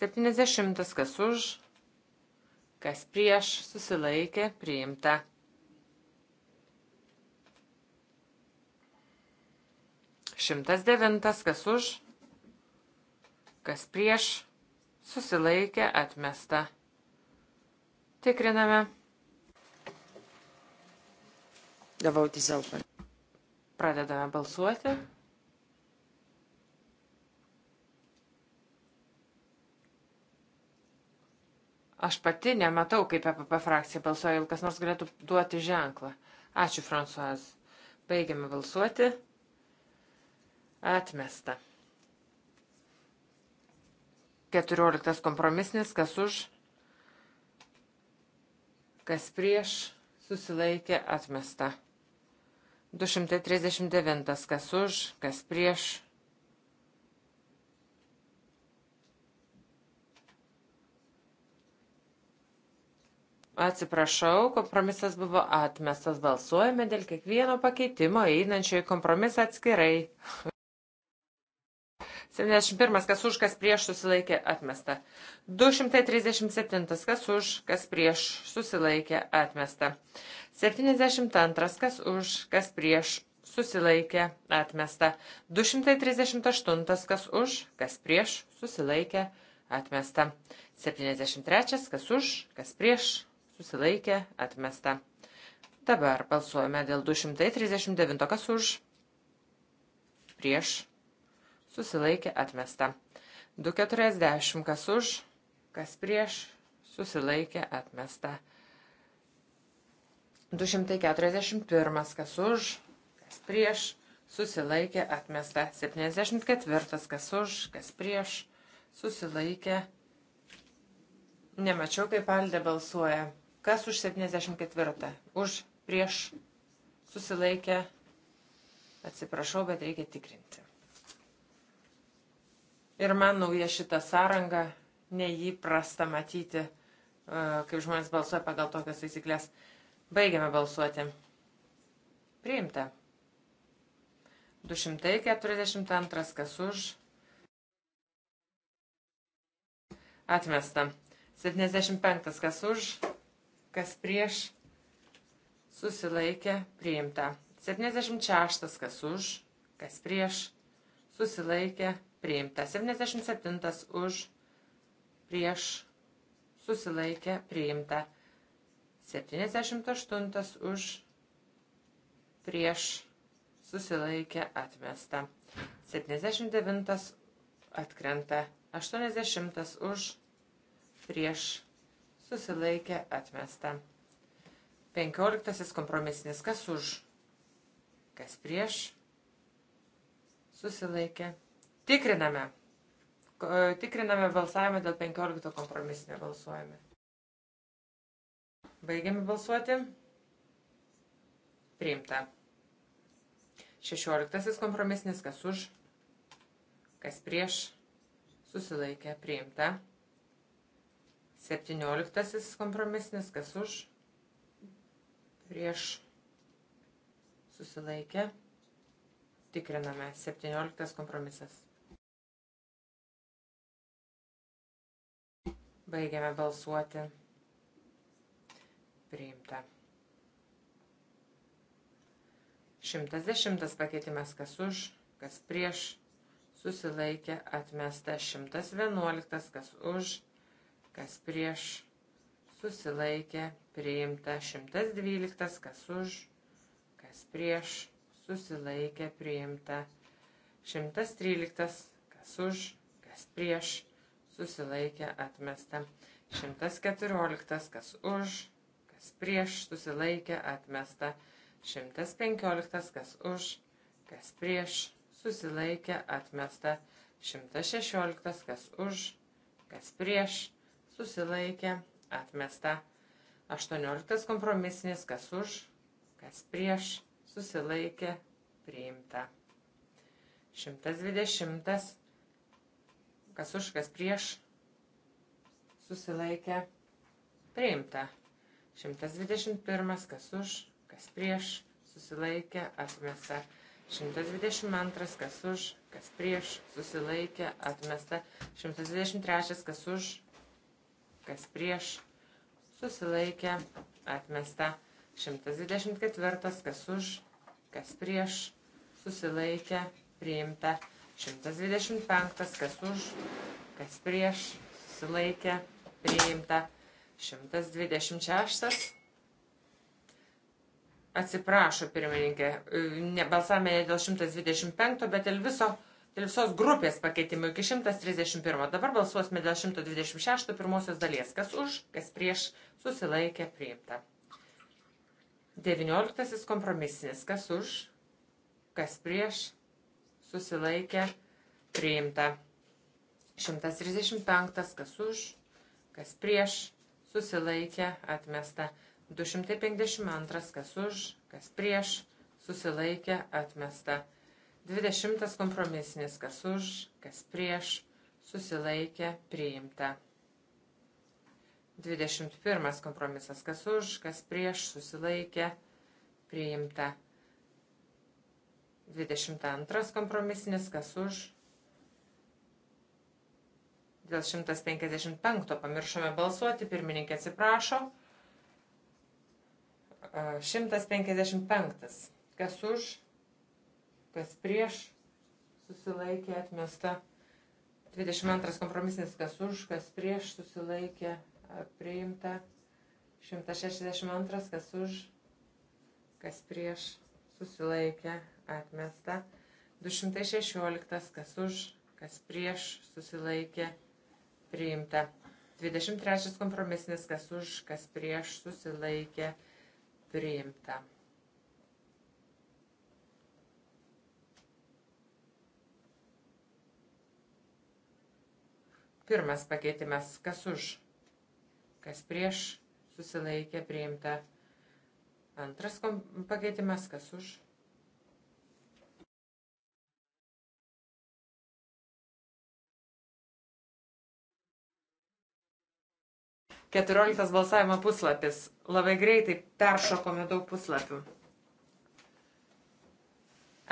70 kas už, kas prieš susilaikė priimta. Šimtas devintas kas už, kas prieš susilaikė atmesta. Tikriname. Davau tiesiog. Pradedame balsuoti. Aš pati nematau, kaip EPP frakcija balsuoja, jeigu kas nors galėtų duoti ženklą. Ačiū, Fransuaz. Baigiame balsuoti. Atmesta. 14 kompromisnis, kas už, kas prieš, susilaikė atmesta. 239, kas už, kas prieš, Atsiprašau, kompromisas buvo atmestas. Balsuojame dėl kiekvieno pakeitimo einančio į kompromisą atskirai. 71. Kas už, kas prieš susilaikė atmesta. 237. Kas už, kas prieš susilaikė atmesta. 72. Kas už, kas prieš susilaikė atmesta. 238. Kas už, kas prieš susilaikė atmesta. 73. Kas už, kas prieš susilaikė, atmesta. Dabar balsuojame dėl 239, kas už, prieš, susilaikė, atmesta. 240, kas už, kas prieš, susilaikė, atmesta. 241, kas už, kas prieš, susilaikė, atmesta. 74, kas už, kas prieš, susilaikė, atmesta susilaikė. Nemačiau, kaip Aldė balsuoja. Kas už 74? Už prieš susilaikę. Atsiprašau, bet reikia tikrinti. Ir man nauja šita sąranga, neįprasta matyti, e, kaip žmonės balsuoja pagal tokias taisyklės. Baigiame balsuoti. Priimta. 242 kas už. Atmesta. 75 kas už kas prieš, susilaikė, priimta. 76, kas už, kas prieš, susilaikė, priimta. 77 už, prieš, susilaikė, priimta. 78 už, prieš, susilaikė, atmesta. 79 atkrenta. 80 už, prieš, susilaikė atmesta. 15 kompromisinis kas už, kas prieš, susilaikė. Tikriname. E, tikriname balsavimą dėl 15 kompromisinio balsuojame. Baigiame balsuoti. Priimta. 16 kompromisinis kas už, kas prieš, susilaikė. Priimta. 17 kompromisinis, kas už, prieš susilaikę. Tikriname 17 kompromisas. Baigiame balsuoti. Priimta. 110 pakeitimas kas už, kas prieš, susilaikė, atmesta 111 kas už kas prieš, susilaikė, priimta 112, kas už, kas prieš, susilaikė, priimta 113, kas už, kas prieš, susilaikė, atmesta 114, kas už, kas prieš, susilaikė, atmesta 115, kas už, kas prieš, susilaikė, atmesta 116, kas už, kas prieš, susilaikė, atmesta. 18 kompromisinis, kas už, kas prieš, susilaikė, priimta. 120, kas už, kas prieš, susilaikė, priimta. 121, kas už, kas prieš, susilaikė, atmesta. 122, kas už, kas prieš, susilaikė, atmesta. 123, kas už, kas prieš, susilaikė, atmesta. 124, kas už, kas prieš, susilaikė, priimta. 125, kas už, kas prieš, susilaikė, priimta. 126. Atsiprašo pirmininkė, ne balsavime ne dėl 125, bet dėl viso dėl visos grupės pakeitimų iki 131. Dabar balsuosime dėl 126 pirmosios dalies. Kas už, kas prieš, susilaikė priimta. 19 kompromisinis. Kas už, kas prieš, susilaikė priimta. 135. Kas už, kas prieš, susilaikė atmesta. 252. Kas už, kas prieš, susilaikė atmesta. 20 kompromisinis, kas už, kas prieš, susilaikė, priimta. 21 kompromisas, kas už, kas prieš, susilaikė, priimta. 22 kompromisinis, kas už. Dėl 155 pamiršome balsuoti, pirmininkė atsiprašo. 155. Kas už? kas prieš, susilaikė atmesta. 22 kompromisinis, kas už, kas prieš, susilaikė priimta. 162, kas už, kas prieš, susilaikė atmesta. 216, kas už, kas prieš, susilaikė priimta. 23 kompromisinis, kas už, kas prieš, susilaikė priimta. Pirmas pakeitimas, kas už, kas prieš, susilaikė priimta. Antras pakeitimas, kas už. Keturioliktas balsavimo puslapis. Labai greitai peršokome daug puslapių.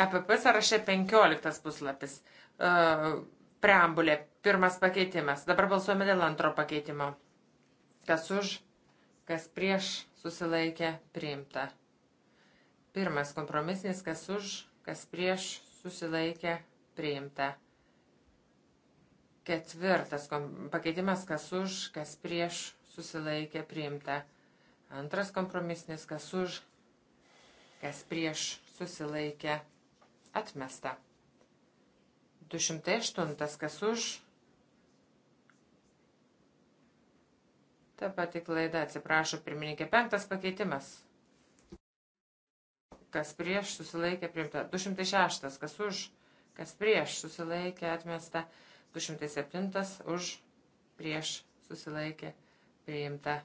EPP sąraše 15 puslapis. E, Preambulė. Pirmas pakeitimas. Dabar balsuojame dėl antro pakeitimo. Kas už, kas prieš susilaikė priimta. Pirmas kompromisnis, kas už, kas prieš susilaikė priimta. Ketvirtas pakeitimas, kas už, kas prieš susilaikė priimta. Antras kompromisnis, kas už, kas prieš susilaikė atmesta. 208 kas už. Ta pati klaida, atsiprašau, pirmininkė. Penktas pakeitimas. Kas prieš susilaikė priimta. 206 kas už. Kas prieš susilaikė atmesta. 207 už. Prieš susilaikė priimta.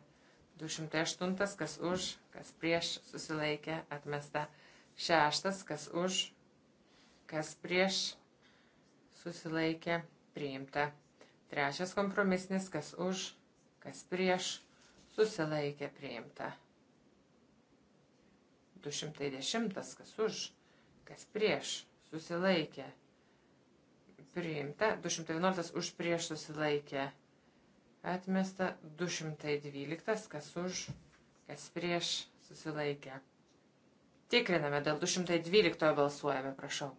208 kas už. Kas prieš susilaikė atmesta. 6 kas už. Kas prieš susilaikė, priimta. Trečias kompromisnis, kas už, kas prieš, susilaikė, priimta. 210, kas už, kas prieš, susilaikė, priimta. 211 už prieš susilaikė, atmesta. 212, kas už, kas prieš, susilaikė. Tikriname, dėl 212 balsuojame, prašau.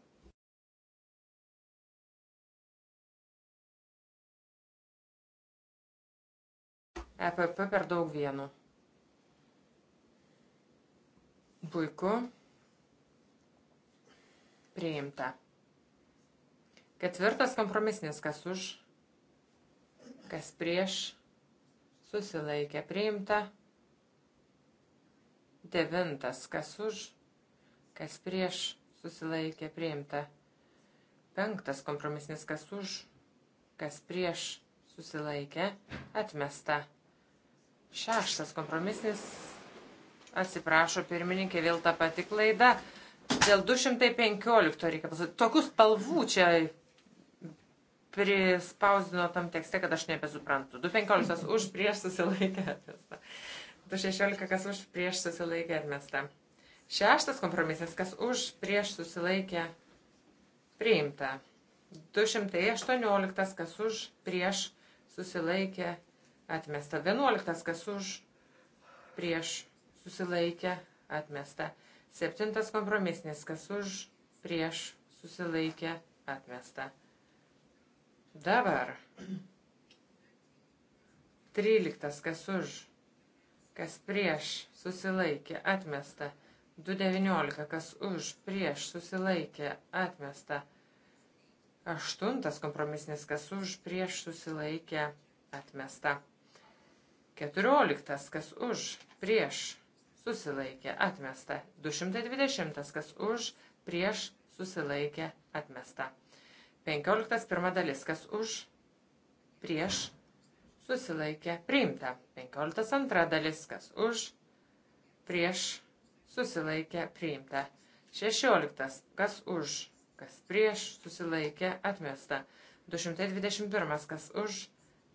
EPP per daug vienu. Puiku. Priimta. Ketvirtas kompromisinis, kas už, kas prieš, susilaikė priimta. Devintas, kas už, kas prieš, susilaikė priimta. Penktas kompromisinis, kas už, kas prieš, susilaikė atmesta. Šeštas kompromisnis. Atsiprašo, pirmininkė, vėl ta pati klaida. Dėl 215 reikia pasakyti. Tokius spalvų čia prispausdino tam tekste, kad aš nebesuprantu. 215 už prieš susilaikę atmestą. 216 kas už prieš susilaikę atmestą. Šeštas kompromisas, kas už prieš susilaikę priimta. 218 kas už prieš susilaikę atmestą atmesta. 11. Kas už, prieš, susilaikė, atmesta. 7. Kompromisinis. Kas už, prieš, susilaikė, atmesta. Dabar. 13. Kas už, kas prieš, susilaikė, atmesta. 2.19. Kas už, prieš, susilaikė, atmesta. Aštuntas kompromisinis, kas už prieš susilaikė atmesta. Keturioliktas, kas už, prieš, susilaikė, atmesta. 220, kas už, prieš, susilaikė, atmesta. 15, pirma dalis, kas už, prieš, susilaikė, priimta. 15, antra dalis, kas už, prieš, susilaikė, priimta. 16, kas už, kas prieš, susilaikė, atmesta. 221, kas už,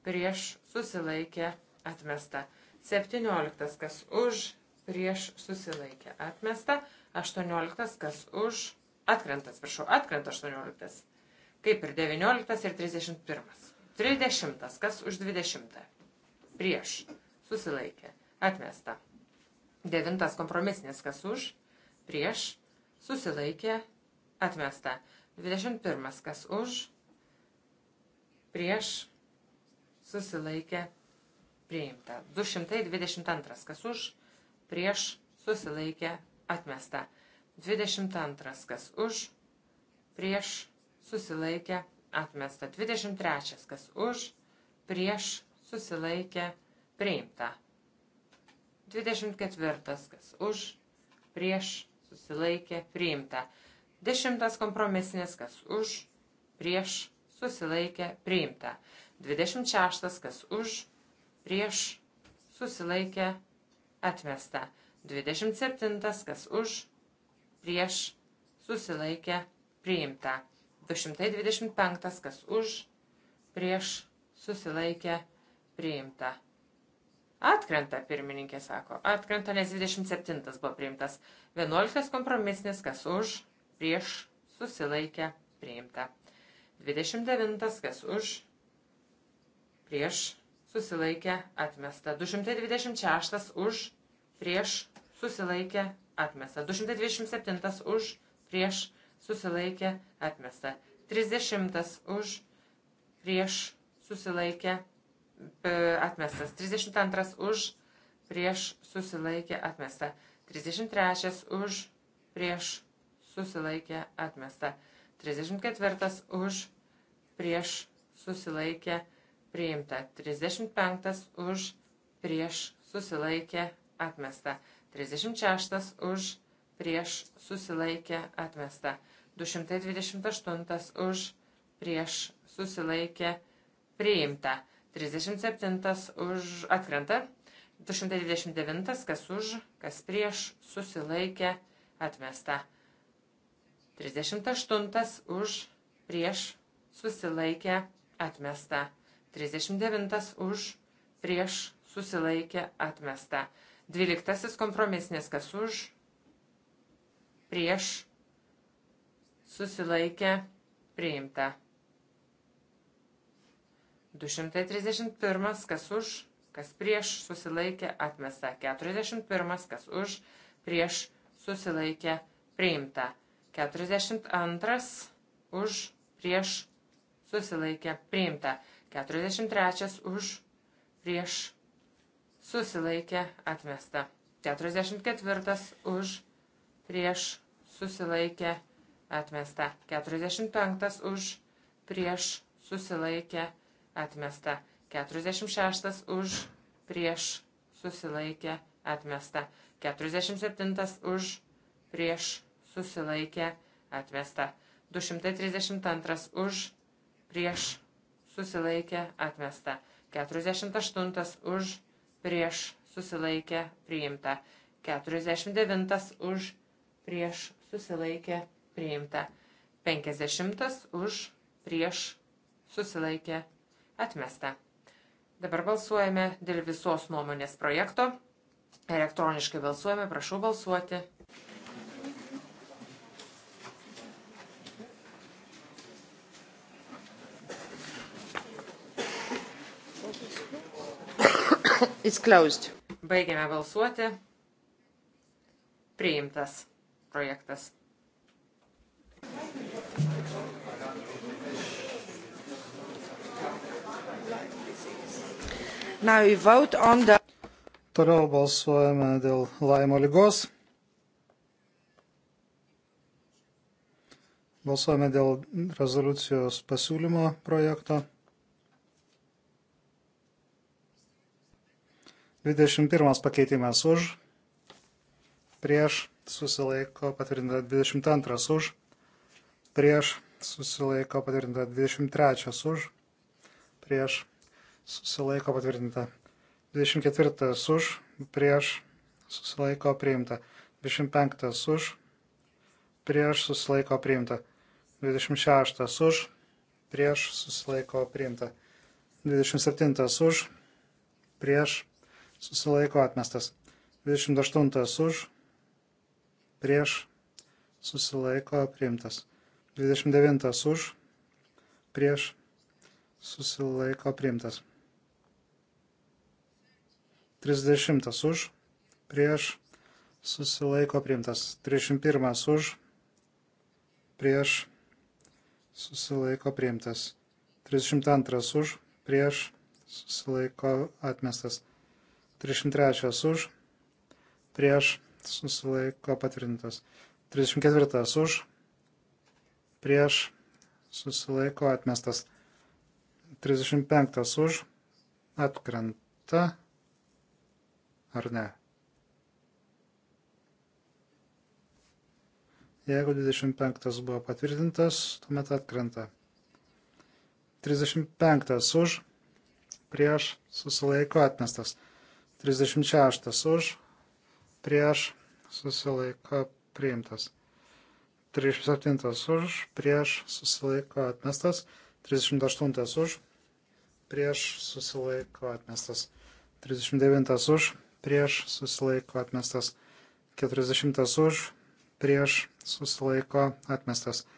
prieš, susilaikė, atmesta atmesta. 17 kas už, prieš susilaikė atmesta. 18 kas už, atkrenta, atsiprašau, atkrenta 18. Kaip ir 19 ir 31. 30 kas už 20. Prieš susilaikė atmesta. 9 kompromisinis kas už, prieš susilaikė atmesta. 21 kas už, prieš susilaikė atmesta priimta. 222. Kas už, prieš, susilaikė, atmesta. 22. Kas už, prieš, susilaikė, atmesta. 23. Kas už, prieš, susilaikė, priimta. 24. Kas už, prieš, susilaikė, priimta. 10. Kompromisinės, kas už, prieš, susilaikė, priimta. 26. Kas už, prieš, susilaikė, priimta. 26. Kas už, prieš, susilaikė, atmesta. 27. Kas už, prieš, susilaikė, priimta. 225. Kas už, prieš, susilaikė, priimta. Atkrenta, pirmininkė sako. Atkrenta, nes 27 buvo priimtas. 11 kompromisinis, kas už, prieš, susilaikė, priimta. 29, kas už, prieš, susilaikė atmesta. 226 už, prieš, susilaikė atmesta. 227 už, prieš, susilaikė atmesta. 30 už, prieš, susilaikė e, atmestas. 32 už, prieš, susilaikė atmesta. 33 už, prieš, susilaikė atmesta. 34 už, prieš, susilaikė atmesta priimta. 35 už prieš susilaikė atmesta. 36 už prieš susilaikė atmesta. 228 už prieš susilaikė priimta. 37 už atkrenta. 229 kas už, kas prieš susilaikė atmesta. 38 už prieš susilaikė atmesta. 39 už, prieš, susilaikė, atmesta. 12 kompromisinės kas už, prieš, susilaikė, priimta. 231 kas už, kas prieš, susilaikė, atmesta. 41 kas už, prieš, susilaikė, priimta. 42 už, prieš, susilaikė, priimta. 43 už, prieš, susilaikė, atmesta. 44 už, prieš, susilaikė, atmesta. 45 už, prieš, susilaikė, atmesta. 46 už, prieš, susilaikė, atmesta. 47 už, prieš, susilaikė, atmesta. 232 už, prieš, susilaikė atmesta. 48 už prieš susilaikė priimta. 49 už prieš susilaikė priimta. 50 už prieš susilaikė atmesta. Dabar balsuojame dėl visos nuomonės projekto. Elektroniškai balsuojame, prašau balsuoti. It's closed. Baigiame balsuoti. Priimtas projektas. Now we vote on the... Toliau balsuojame dėl laimo lygos. Balsuojame dėl rezoliucijos pasiūlymo projekto. 21 pakeitimas už, prieš susilaiko patvirtinta 22 už, prieš susilaiko patvirtinta 23 už, prieš susilaiko patvirtinta 24 už, prieš susilaiko priimta 25 už, prieš susilaiko priimta 26 už, prieš susilaiko priimta 27 už, prieš susilaiko atmestas. 28 už, prieš, susilaiko priimtas. 29 už, prieš, susilaiko priimtas. 30 už, prieš, susilaiko priimtas. 31 už, prieš, susilaiko priimtas. 32 už, prieš, susilaiko atmestas. 33 už, prieš susilaiko patvirtintas. 34 už, prieš susilaiko atmestas. 35 už, atkrenta ar ne. Jeigu 25 buvo patvirtintas, tuomet atkrenta. 35 už, prieš susilaiko atmestas. 36 už, prieš, susilaiko priimtas. 37 už, prieš, susilaiko atmestas. 38 už, prieš, susilaiko atmestas. 39 už, prieš, susilaiko atmestas. 40 už, prieš, susilaiko atmestas.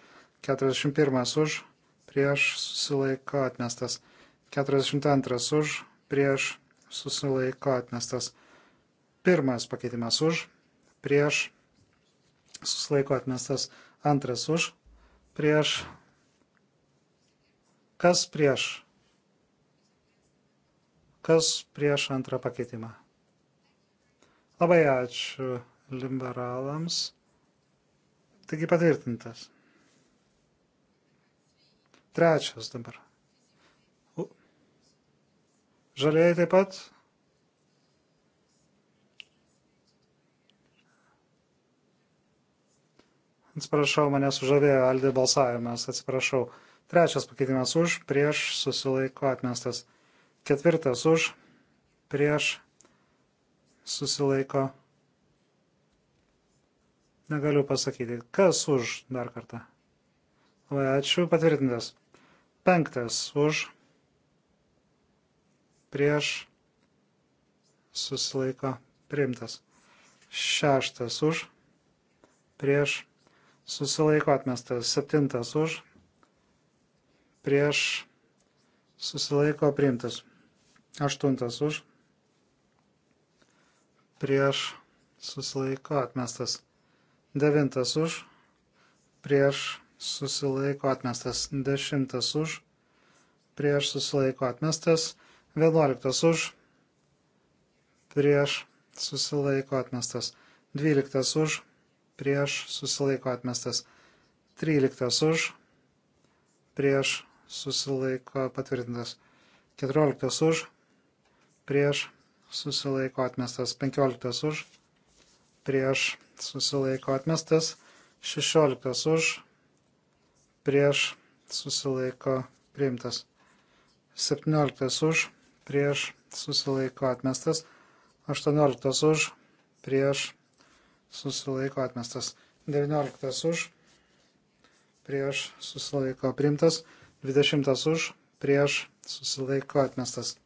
41 už, prieš, susilaiko atmestas. 42 už, prieš, susilaiko atmestas. Pirmas pakeitimas už, prieš, susilaiko atmestas. Antras už, prieš. Kas prieš? Kas prieš antrą pakeitimą? Labai ačiū liberalams. Taigi patvirtintas. Trečias dabar. Žalieji taip pat. Atsiprašau, mane sužavėjo Aldė balsavimas, atsiprašau. Trečias pakeitimas už, prieš, susilaiko atmestas. Ketvirtas už, prieš, susilaiko. Negaliu pasakyti, kas už dar kartą. Labai ačiū, patvirtintas. Penktas už, prieš susilaiko priimtas. Šeštas už, prieš susilaiko atmestas. Septintas už, prieš susilaiko priimtas. Aštuntas už, prieš susilaiko atmestas. Devintas už, prieš susilaiko atmestas. Dešimtas už, prieš susilaiko atmestas. 11 už, prieš susilaiko atmestas. 12 už, prieš susilaiko atmestas. 13 už, prieš susilaiko patvirtintas. 14 už, prieš susilaiko atmestas. 15 už, prieš susilaiko atmestas. 16 už, prieš susilaiko priimtas. 17 už, prieš susilaiko atmestas, 18 už, prieš susilaiko atmestas, 19 už, prieš susilaiko primtas, 20 už, prieš susilaiko atmestas.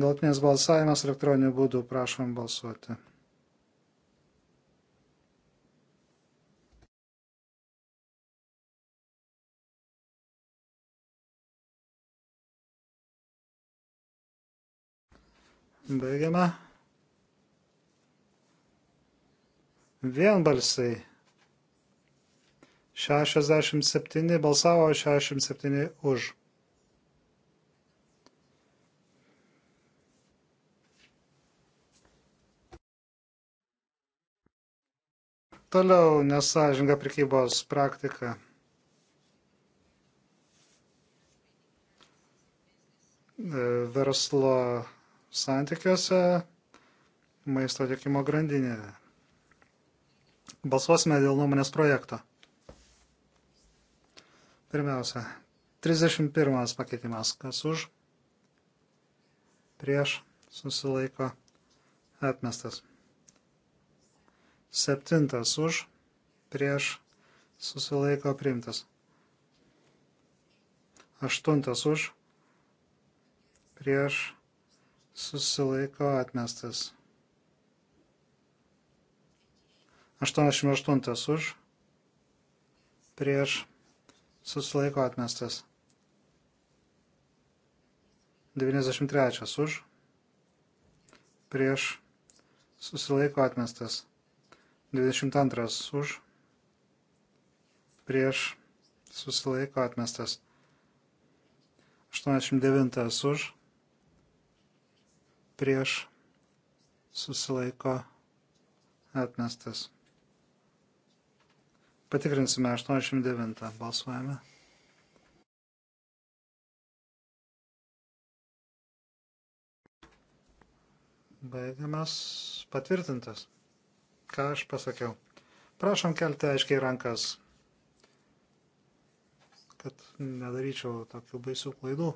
Galtinis balsavimas elektroniniu būdu prašom balsuoti. Baigiame. Vienbalsiai. 67 balsavo, 67 už. Toliau nesažinga prekybos praktika. Verslo santykiuose maisto tiekimo grandinėje. Balsuosime dėl nuomonės projekto. Pirmiausia, 31 pakeitimas. Kas už? Prieš susilaiko atmestas. Septintas už, prieš susilaiko priimtas. Aštuntas už, prieš susilaiko atmestas. 88 už, prieš susilaiko atmestas. 93 už, prieš susilaiko atmestas. 22 už, prieš susilaiko atmestas. 89 už, prieš susilaiko atmestas. Patikrinsime 89. Balsuojame. Baigiamas patvirtintas. Ką aš pasakiau? Prašom kelti aiškiai rankas, kad nedaryčiau tokių baisių klaidų.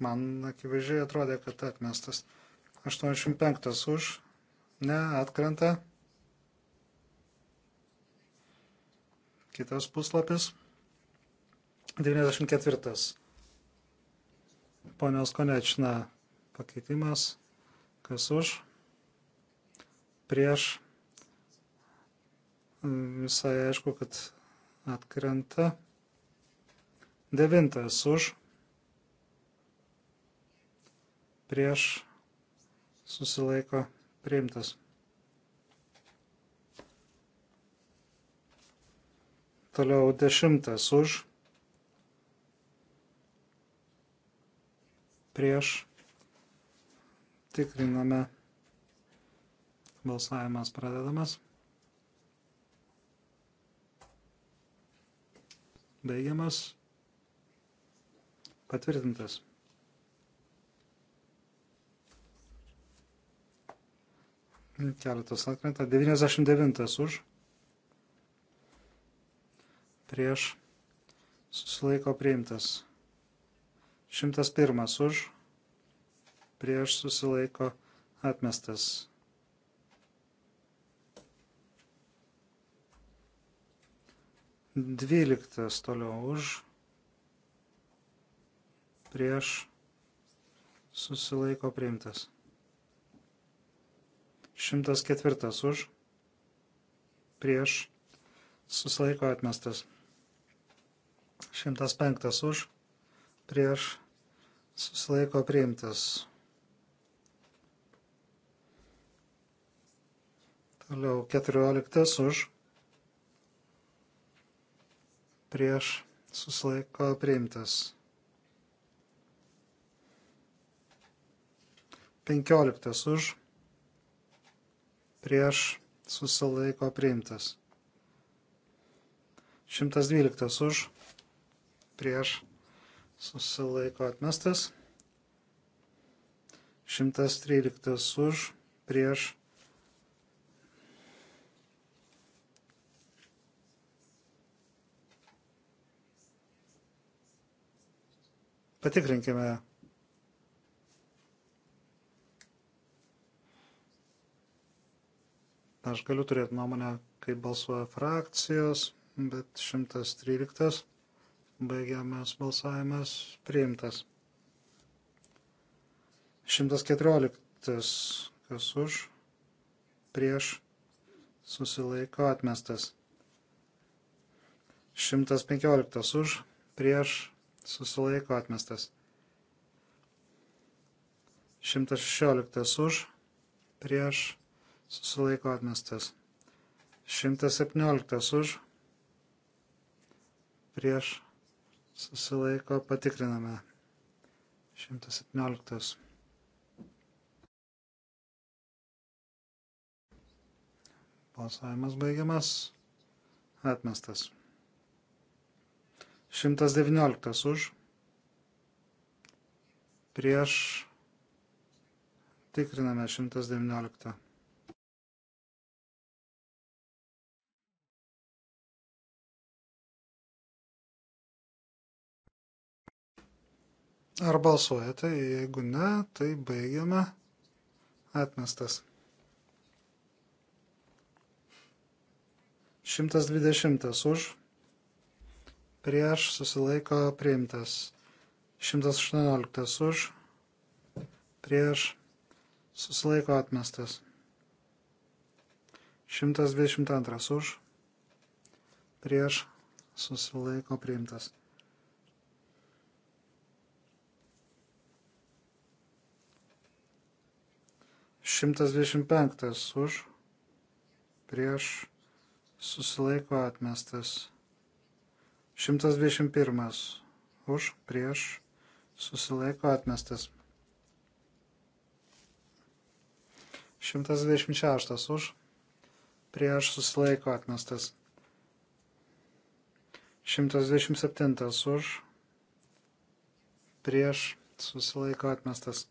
Man akivaizdžiai atrodė, kad atmestas. 85 už. Ne, atkrenta. Kitas puslapis. 94. Ponios Konečna pakeitimas. Kas už? Prieš. Visai aišku, kad atkrenta. Devintas už prieš susilaiko priimtas. Toliau dešimtas už prieš tikriname balsavimas pradedamas. Baigiamas. Patvirtintas. Keletas atkrenta. 99 už. Prieš. Susilaiko priimtas. 101 už. Prieš susilaiko atmestas. Dvyliktas toliau už. Prieš susilaiko priimtas. 104 už, prieš, susilaiko atmestas. 105 už, prieš, susilaiko priimtas. Toliau 14 už, prieš, susilaiko priimtas. 15 už, prieš susilaiko priimtas. 112 už prieš susilaiko atmestas. 113 už prieš Patikrinkime Aš galiu turėti nuomonę, kaip balsuoja frakcijos, bet 113 baigiamas balsavimas priimtas. 114 kas už, prieš, susilaiko atmestas. 115 už, prieš, susilaiko atmestas. 116 už, prieš, susilaiko atmestas. 117 už, prieš susilaiko patikriname. 117. Balsavimas baigiamas, atmestas. 119 už, prieš tikriname 119. Ar balsuojate? Jeigu ne, tai baigiame. Atmestas. 120 už. Prieš susilaiko priimtas. 118 už. Prieš susilaiko atmestas. 122 už. Prieš susilaiko priimtas. 125 už, prieš, susilaiko atmestas. 121 už, prieš, susilaiko atmestas. 126 už, prieš, susilaiko atmestas. 127 už, prieš, susilaiko atmestas.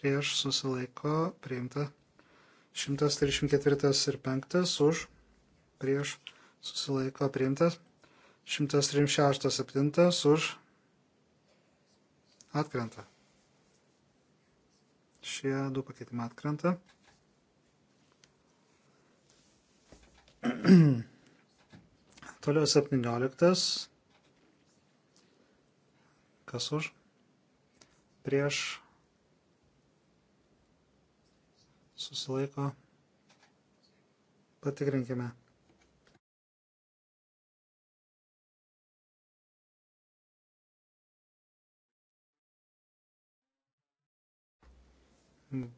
prieš susilaiko priimta. 134 ir 5 už prieš susilaiko priimtas. 136 7 už atkrenta. Šie du pakeitimai atkrenta. Toliau 17. Kas už? Prieš susilaiko. Patikrinkime.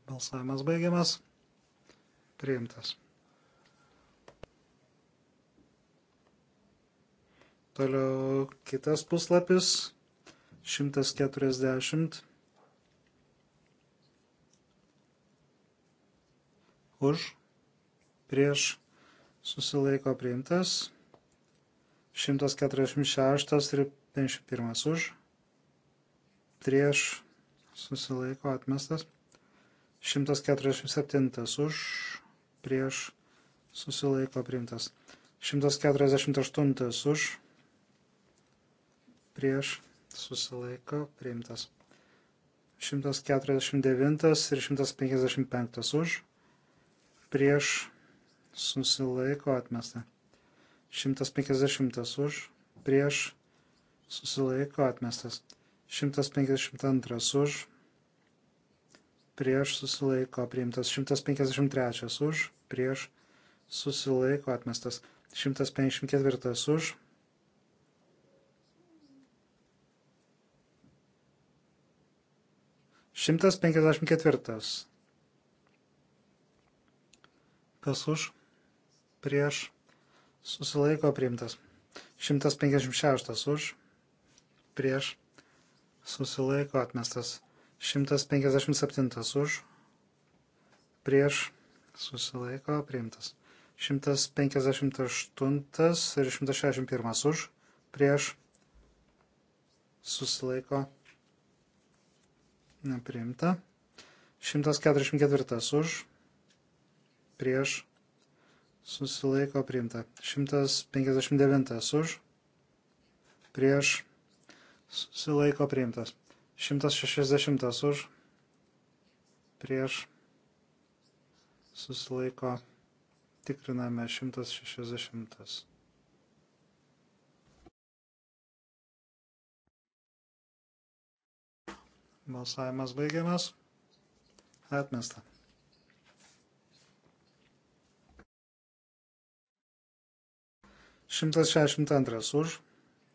Balsavimas baigiamas. Priimtas. Toliau kitas puslapis. 140. už, prieš, susilaiko priimtas. 146 ir 51 už, prieš, susilaiko atmestas. 147 už, prieš, susilaiko priimtas. 148 už, prieš, susilaiko priimtas. 149 ir 155 už, prieš susilaiko atmesta. 150 už, prieš susilaiko atmestas. 152 už, prieš susilaiko priimtas. 153 už, prieš susilaiko atmestas. 154 už. Šimtas penkiasdešimt ketvirtas kas už, prieš, susilaiko priimtas. 156 už, prieš, susilaiko atmestas. 157 už, prieš, susilaiko priimtas. 158 ir 161 už, prieš, susilaiko nepriimta. 144 už, prieš susilaiko priimta. 159 už prieš susilaiko priimtas. 160 už prieš susilaiko tikriname 160. Balsavimas baigiamas. Atmesta. 162 už,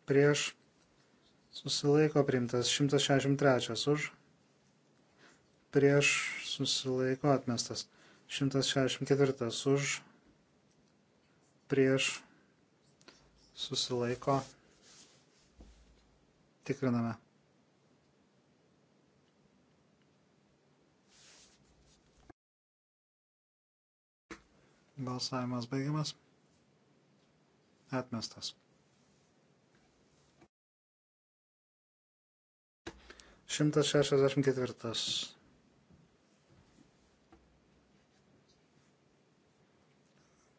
prieš, susilaiko priimtas 163 už, prieš, susilaiko atmestas 164 už, prieš, susilaiko, tikriname. Balsavimas baigiamas atmestas. Šimtas šešiasdešimt ketvirtas.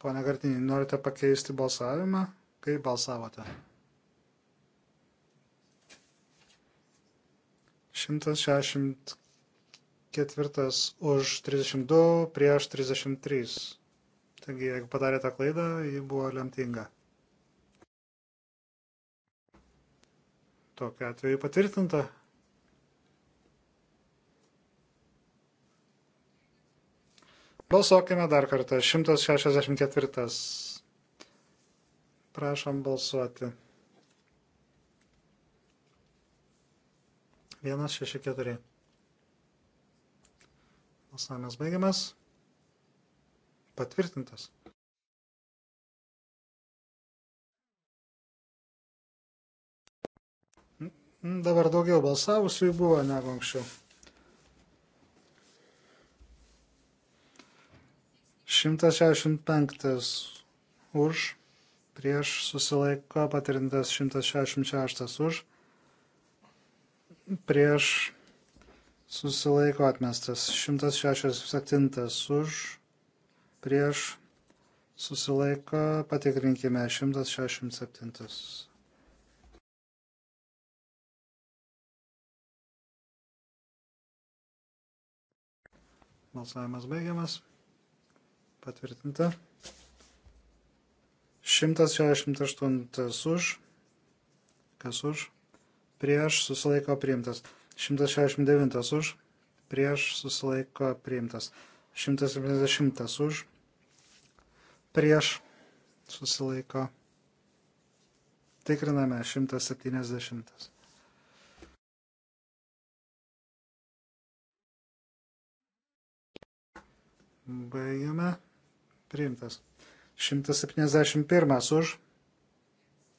Pone Gartinį, norite pakeisti balsavimą? Kaip balsavote? 164 už 32 prieš 33. Taigi, jeigu padarėte klaidą, ji buvo lemtinga. tokiu atveju patvirtinta. Balsuokime dar kartą. 164. Prašom balsuoti. 164. Balsavimas baigiamas. Patvirtintas. Mm, dabar daugiau balsavusių buvo negu anksčiau. 165 už, prieš susilaiko patirintas 166 už, prieš susilaiko atmestas 167 už, prieš susilaiko patikrinkime 167. Balsavimas baigiamas. Patvirtinta. 168 už. Kas už? Prieš susilaiko priimtas. 169 už. Prieš susilaiko priimtas. 170 už. Prieš susilaiko. Tikriname 170. Baigiame. Priimtas. 171 už.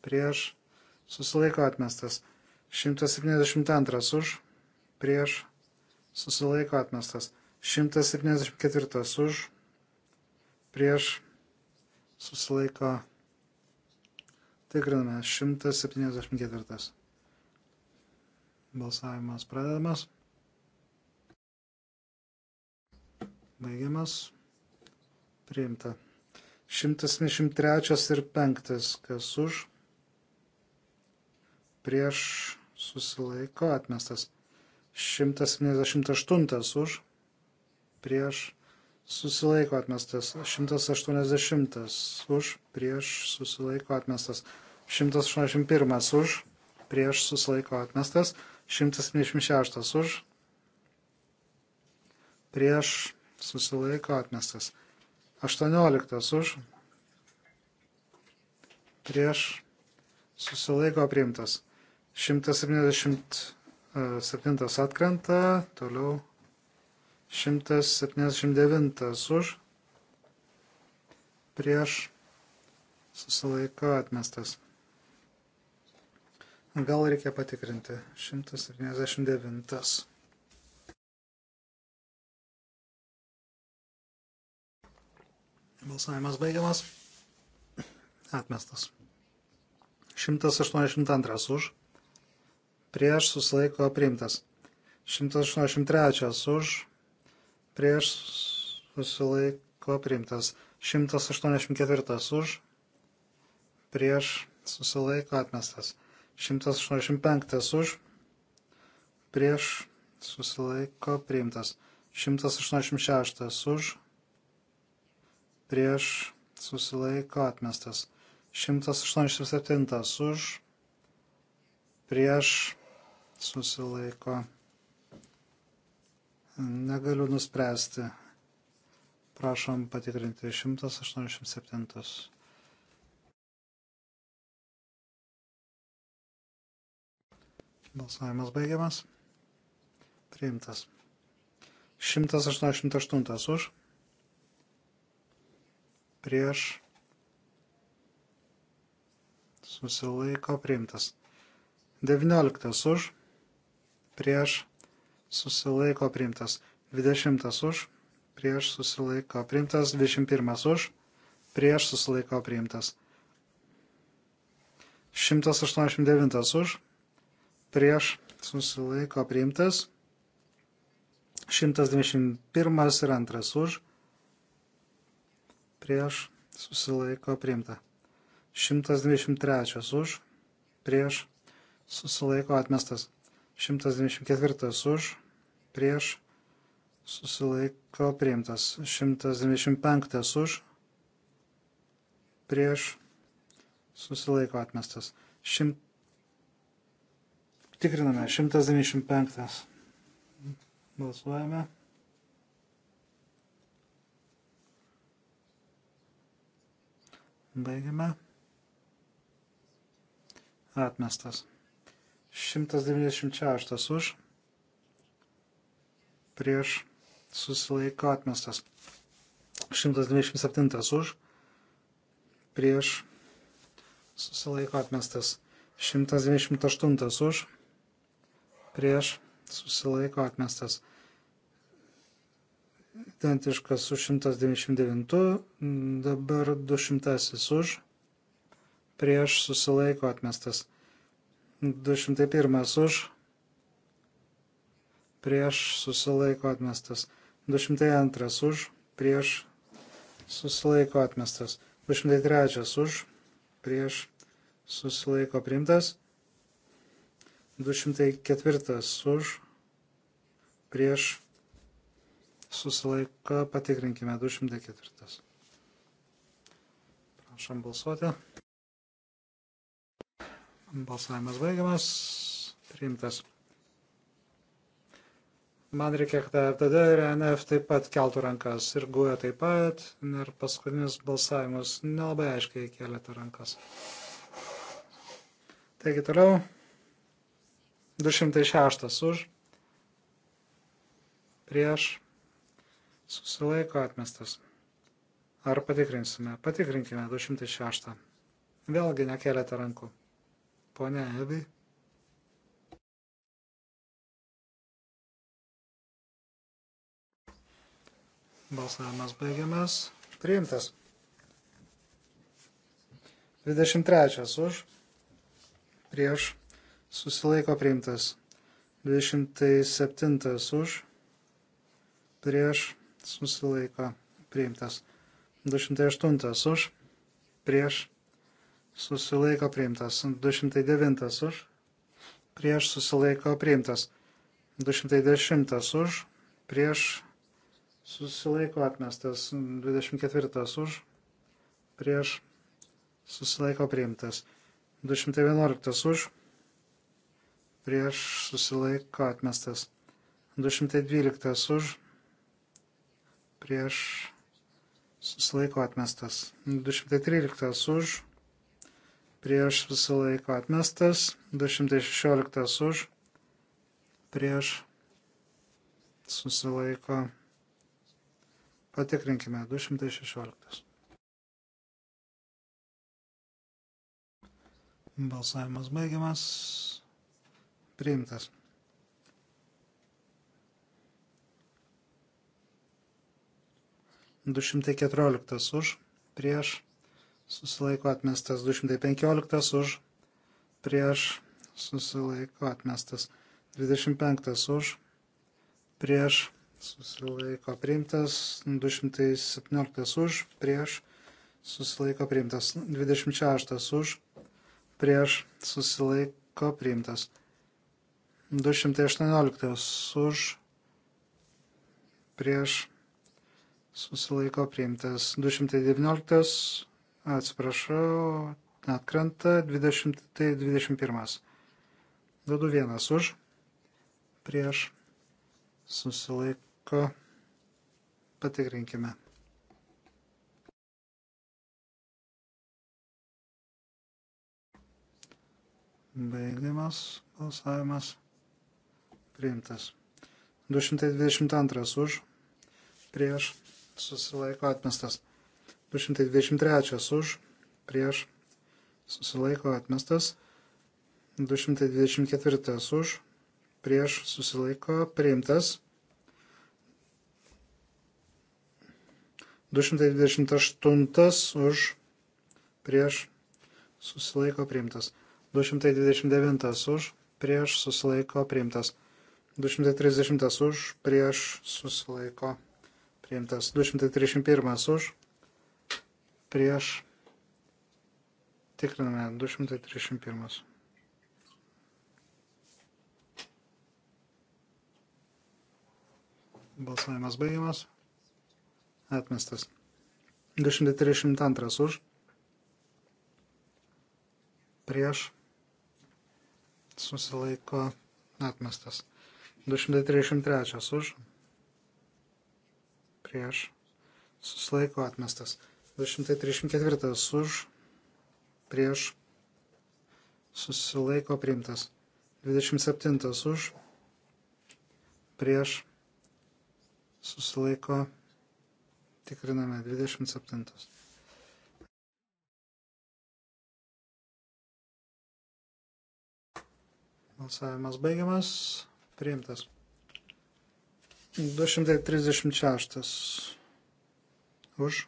Prieš. Susilaiko atmestas. 172 už. Prieš. Susilaiko atmestas. 174 už. Prieš. Susilaiko. Tikriname. 174. Balsavimas pradedamas. Baigiamas. Priimta. 173 ir 5. Kas už? Prieš susilaiko atmestas. 178 už. Prieš susilaiko atmestas. 180 už. Prieš susilaiko atmestas. 181 už. Prieš susilaiko atmestas. 176 už. Prieš susilaiko atmestas. 18 už, prieš, susilaiko priimtas. 177 e, atkrenta, toliau 179 už, prieš, susilaiko atmestas. Gal reikia patikrinti. 179. Balsavimas baigiamas. Atmestas. 182 už. Prieš susilaiko priimtas. 183 už. Prieš susilaiko priimtas. 184 už. Prieš susilaiko atmestas. 185 už. Prieš susilaiko priimtas. 186 už prieš susilaiko atmestas. 187 už prieš susilaiko. Negaliu nuspręsti. Prašom patikrinti 187. Balsavimas baigiamas. Priimtas. 188 už prieš susilaiko priimtas. 19 už, prieš susilaiko priimtas. 20 už, prieš susilaiko priimtas. 21 už, prieš susilaiko priimtas. 189 už, prieš susilaiko priimtas. 121 ir 2 už, prieš susilaiko priimta. 123 už, prieš susilaiko atmestas. 124 už, prieš susilaiko priimtas. 125 už, prieš susilaiko atmestas. Šim... Tikriname 195. Balsuojame. Baigiame. Atmestas. 196 už. Prieš susilaiko atmestas. 127 už. Prieš susilaiko atmestas. 198 už. Prieš susilaiko atmestas identiškas su 199, dabar 200 už, prieš susilaiko atmestas. 201 už, prieš susilaiko atmestas. 202 už, prieš susilaiko atmestas. 203 už, prieš susilaiko priimtas. 204 už, prieš susilaiko, patikrinkime 204. Prašom balsuoti. Balsavimas baigiamas, priimtas. Man reikia, kad FTD ir NF taip pat keltų rankas ir guoja e taip pat, ir paskutinis balsavimas nelabai aiškiai kelėtų rankas. Taigi toliau. 206 už, prieš, Susilaiko atmestas. Ar patikrinsime? Patikrinkime 206. Vėlgi nekeliate rankų. Pone Evi. Balsavimas baigiamas. Priimtas. 23 už. Prieš. Susilaiko priimtas. 27 už. Prieš susilaiko priimtas. 208 už, prieš susilaiko priimtas. 209 už, prieš susilaiko priimtas. 210 už, prieš susilaiko atmestas. 24 už, prieš susilaiko priimtas. 211 už, prieš susilaiko atmestas. 212 už, prieš susilaiko atmestas. 213 už, prieš susilaiko atmestas. 216 už, prieš susilaiko. Patikrinkime 216. Balsavimas baigiamas. Priimtas. 214 už, prieš susilaiko atmestas 215 už, prieš susilaiko atmestas 25 už, prieš susilaiko priimtas 217 už, prieš susilaiko priimtas 26 už, prieš susilaiko priimtas 218 už, prieš susilaiko priimtas 219, atsiprašau, atkrenta 20, tai 21. Duodu vienas už, prieš, susilaiko, patikrinkime. Baigimas balsavimas priimtas. 222 už, prieš, susilaiko atmestas. 223 už, prieš, susilaiko atmestas. 224 už, prieš, susilaiko priimtas. 228 už, prieš, susilaiko priimtas. 229 už, prieš, susilaiko priimtas. 230 už, prieš, susilaiko priimtas priimtas 231 už, prieš, tikriname 231. Balsavimas baigiamas, atmestas 232 už, prieš, susilaiko atmestas 233 už prieš susilaiko atmestas. 234 už prieš susilaiko priimtas. 27 už prieš susilaiko tikriname 27. Balsavimas baigiamas, priimtas. 236 už,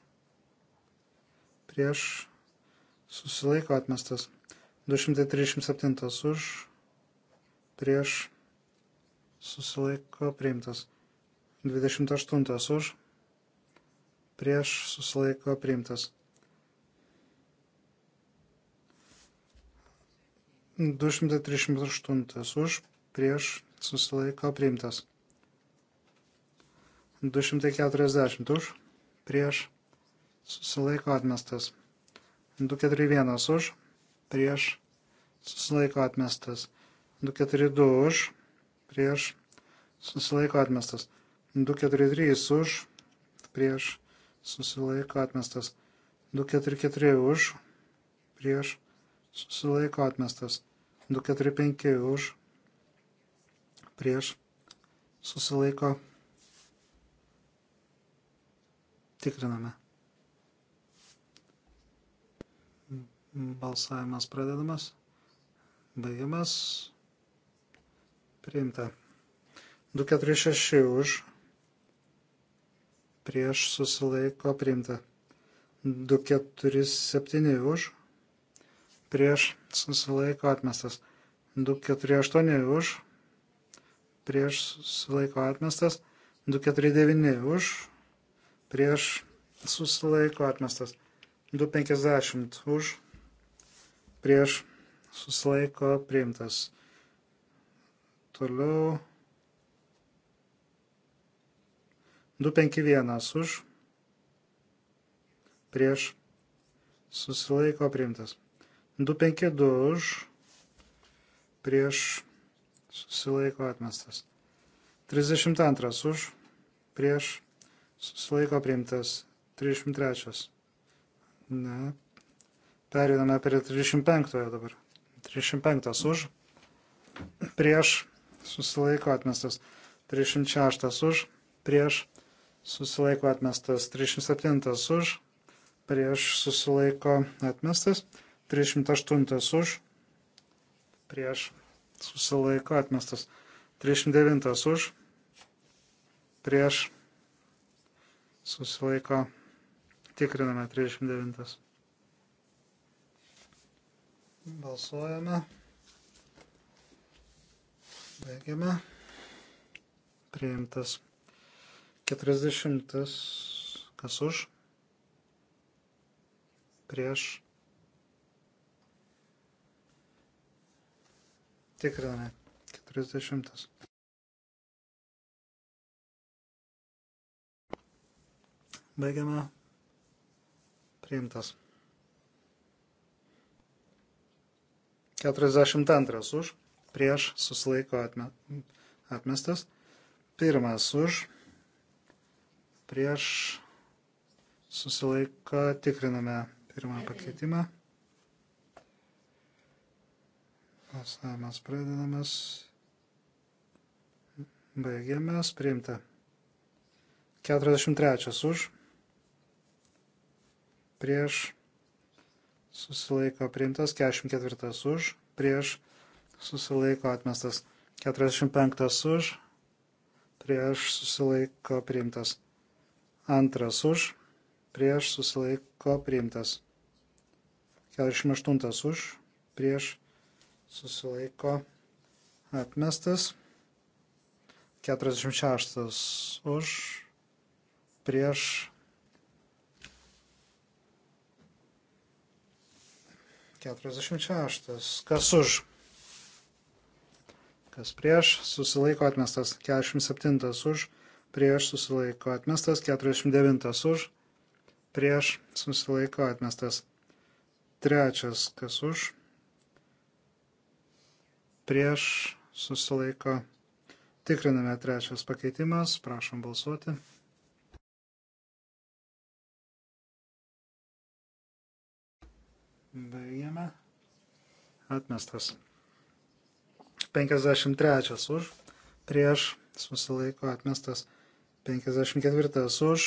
prieš, susilaiko atmestas. 237 už, prieš, susilaiko priimtas. 28 už, prieš, susilaiko priimtas. 238 už, prieš, susilaiko priimtas. 240 už, prieš, susilaiko atmestas. 241 už, prieš, susilaiko atmestas. 242 už, prieš, susilaiko atmestas. 243 už, prieš, susilaiko atmestas. 244 už, prieš, susilaiko atmestas. 245 už, prieš, susilaiko atmestas Tikriname. Balsavimas pradedamas. Baigiamas. Priimta. 246 už. Prieš susilaiko priimta. 247 už. Prieš susilaiko atmestas. 248 už prieš laiko atmestas, 249 už, prieš susilaiko atmestas. 250 už prieš susilaiko priimtas. Toliau 251 už prieš susilaiko priimtas. 252 už prieš susilaiko atmestas. 32 už prieš susilaiko priimtas 33. Ne. Periname prie 35 dabar. 35 už, prieš susilaiko atmestas 36 už, prieš susilaiko atmestas 37 už, prieš susilaiko atmestas 308 už, prieš susilaiko atmestas 39 už, prieš susilaiko, tikriname 39. Balsuojame. Baigiame. Priimtas. 40. Kas už? Prieš. Tikriname. 40. Baigiame. Priimtas. 42 už, prieš susilaiko atme, atmestas. Pirmas už, prieš susilaiko tikriname pirmą pakeitimą. Balsavimas pradedamas. Baigiamės, priimta. 43 už prieš susilaiko priimtas, 44 už, prieš susilaiko atmestas, 45 už, prieš susilaiko priimtas, antras už, prieš susilaiko priimtas, 48 už, prieš susilaiko atmestas, 46 už, prieš 46. Kas už? Kas prieš? Susilaiko atmestas. 47. Už. Prieš susilaiko atmestas. 49. Už. Prieš susilaiko atmestas. Trečias. Kas už? Prieš susilaiko. Tikriname trečias pakeitimas. Prašom balsuoti. Baigiame. Atmestas. 53 už. Prieš susilaiko atmestas. 54 už.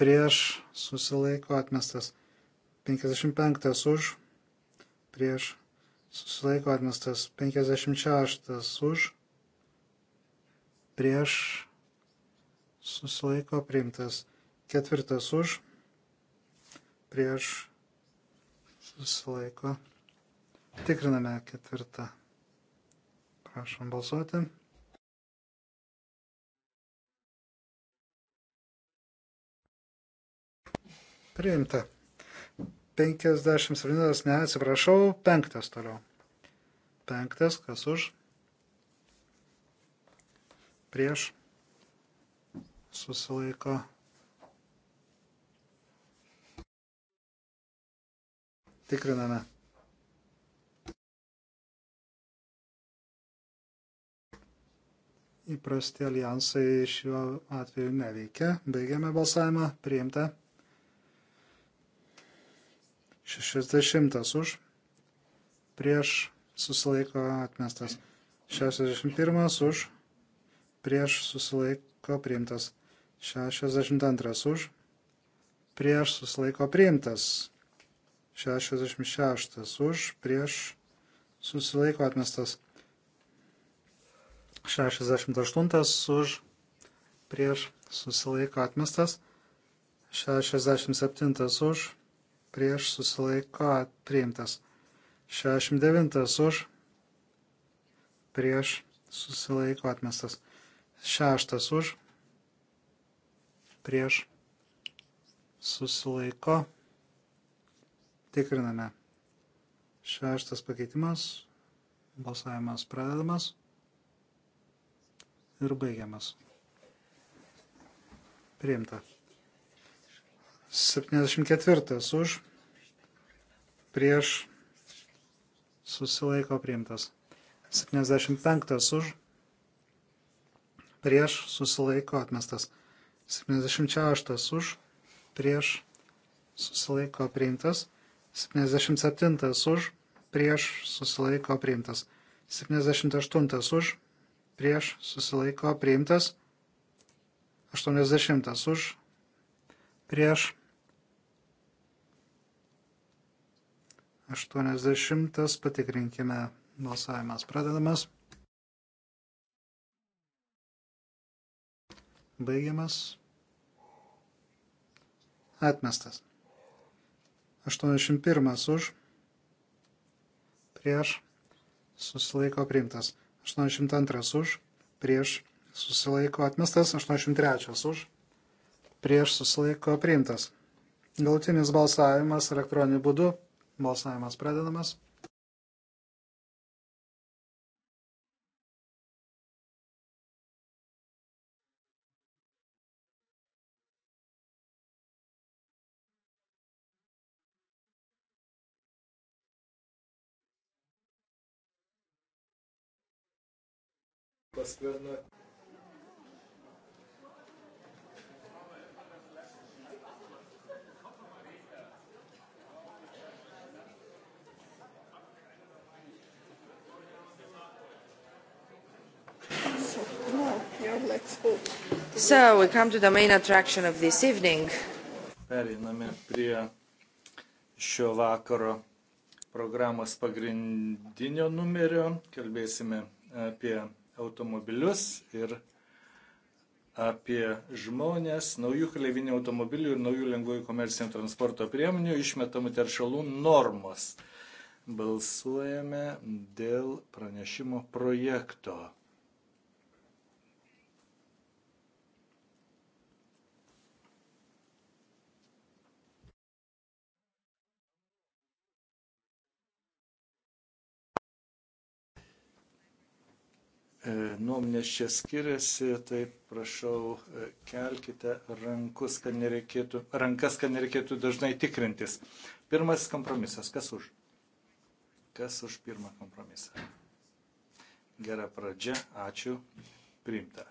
Prieš susilaiko atmestas. 55 už. Prieš susilaiko atmestas. 56 už. Prieš susilaiko priimtas. Ketvirtas už prieš susilaiko. Tikriname ketvirtą. Prašom balsuoti. Priimta. 57, ne, atsiprašau, penktas toliau. Penktas, kas už? Prieš. Susilaiko Tikriname. Įprasti alijansai šiuo atveju neveikia. Baigiame balsavimą. Priimta. 60 už. Prieš susilaiko atmestas. 61 už. Prieš susilaiko priimtas. 62 už prieš susilaiko priimtas. 66 už, prieš susilaiko atmestas. 68 už, prieš susilaiko atmestas. 67 už, prieš susilaiko priimtas. 69 už, prieš susilaiko atmestas. 6 už, prieš susilaiko atmestas Tikriname. Šeštas pakeitimas. Balsavimas pradedamas ir baigiamas. Priimta. 74 už prieš susilaiko priimtas. 75 už prieš susilaiko atmestas. 76 už prieš susilaiko priimtas. 77 už, prieš susilaiko priimtas. 78 už, prieš susilaiko priimtas. 80 už, prieš 80 patikrinkime balsavimas pradedamas. Baigiamas. Atmestas. 81 už, prieš, susilaiko priimtas. 82 už, prieš, susilaiko atmestas. 83 už, prieš, susilaiko priimtas. Galutinis balsavimas elektroniniu būdu. Balsavimas pradedamas. paskverna. So we come to the main attraction of this evening. Pereiname prie šio vakaro programos pagrindinio numerio. Kalbėsime apie automobilius ir apie žmonės naujų keleivinių automobilių ir naujų lengvųjų komercinių transporto priemonių išmetamų teršalų normos. Balsuojame dėl pranešimo projekto. E, nuomonės čia skiriasi, tai prašau e, kelkite rankus, kad nereikėtų, rankas, kad nereikėtų dažnai tikrintis. Pirmas kompromisas. Kas už? Kas už pirmą kompromisą? Gera pradžia. Ačiū. Priimta.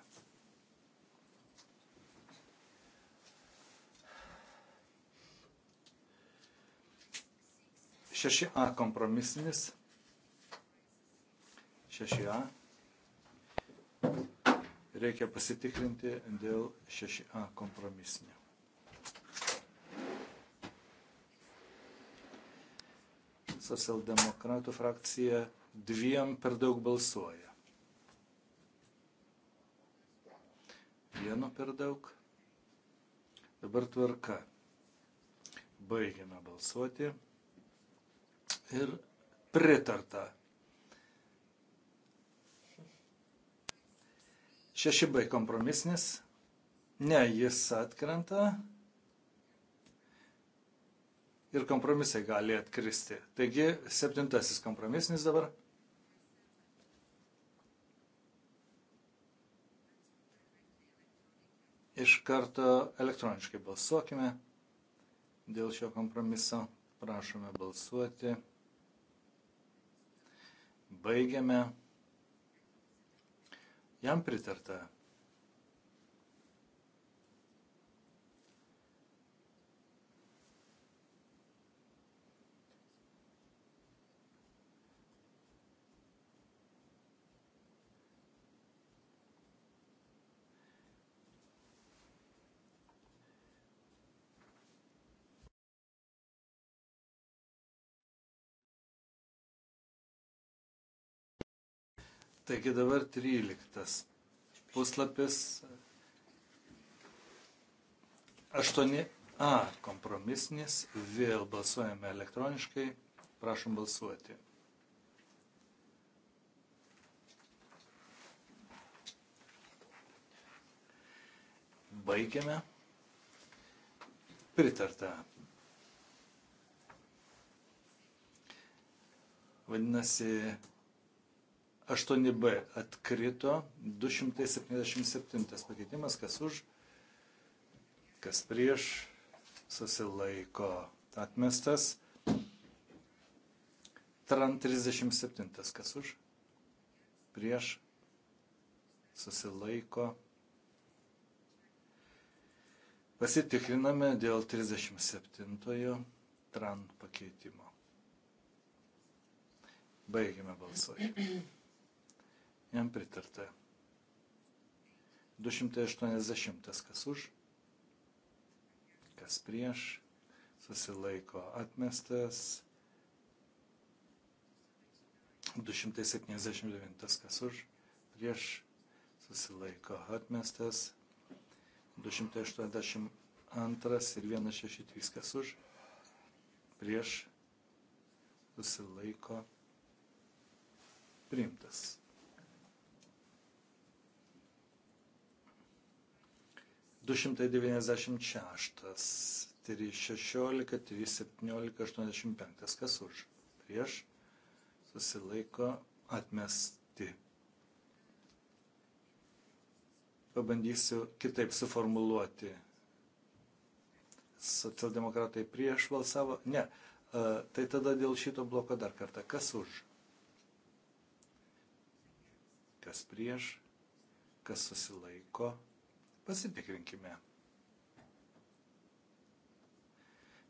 Šeši A kompromisinis. Šeši A Reikia pasitikrinti dėl 6A kompromisinio. Socialdemokratų frakcija dviem per daug balsuoja. Vieno per daug. Dabar tvarka. Baigiame balsuoti ir pritarta 6b kompromisnis. Ne, jis atkrenta. Ir kompromisai gali atkristi. Taigi, septintasis kompromisnis dabar. Iš karto elektroniškai balsuokime dėl šio kompromiso. Prašome balsuoti. Baigiame jam pritarta. Taigi dabar 13 puslapis 8a kompromisnis, vėl balsuojame elektroniškai, prašom balsuoti. Baigiame. Pritarta. Vadinasi, 8b atkrito 277 pakeitimas, kas už, kas prieš, susilaiko atmestas. Tran 37, kas už, prieš, susilaiko. Pasitikriname dėl 37 tran pakeitimo. Baigime balsuoti jam pritarta. 280 kas už, kas prieš, susilaiko atmestas. 279 kas už, prieš, susilaiko atmestas. 282 ir 163 kas už, prieš, susilaiko priimtas. 296, 316, 317, 85. Kas už? Prieš susilaiko atmesti. Pabandysiu kitaip suformuluoti. Socialdemokratai prieš balsavo. Ne. E, tai tada dėl šito bloko dar kartą. Kas už? Kas prieš? Kas susilaiko? Pasitikrinkime.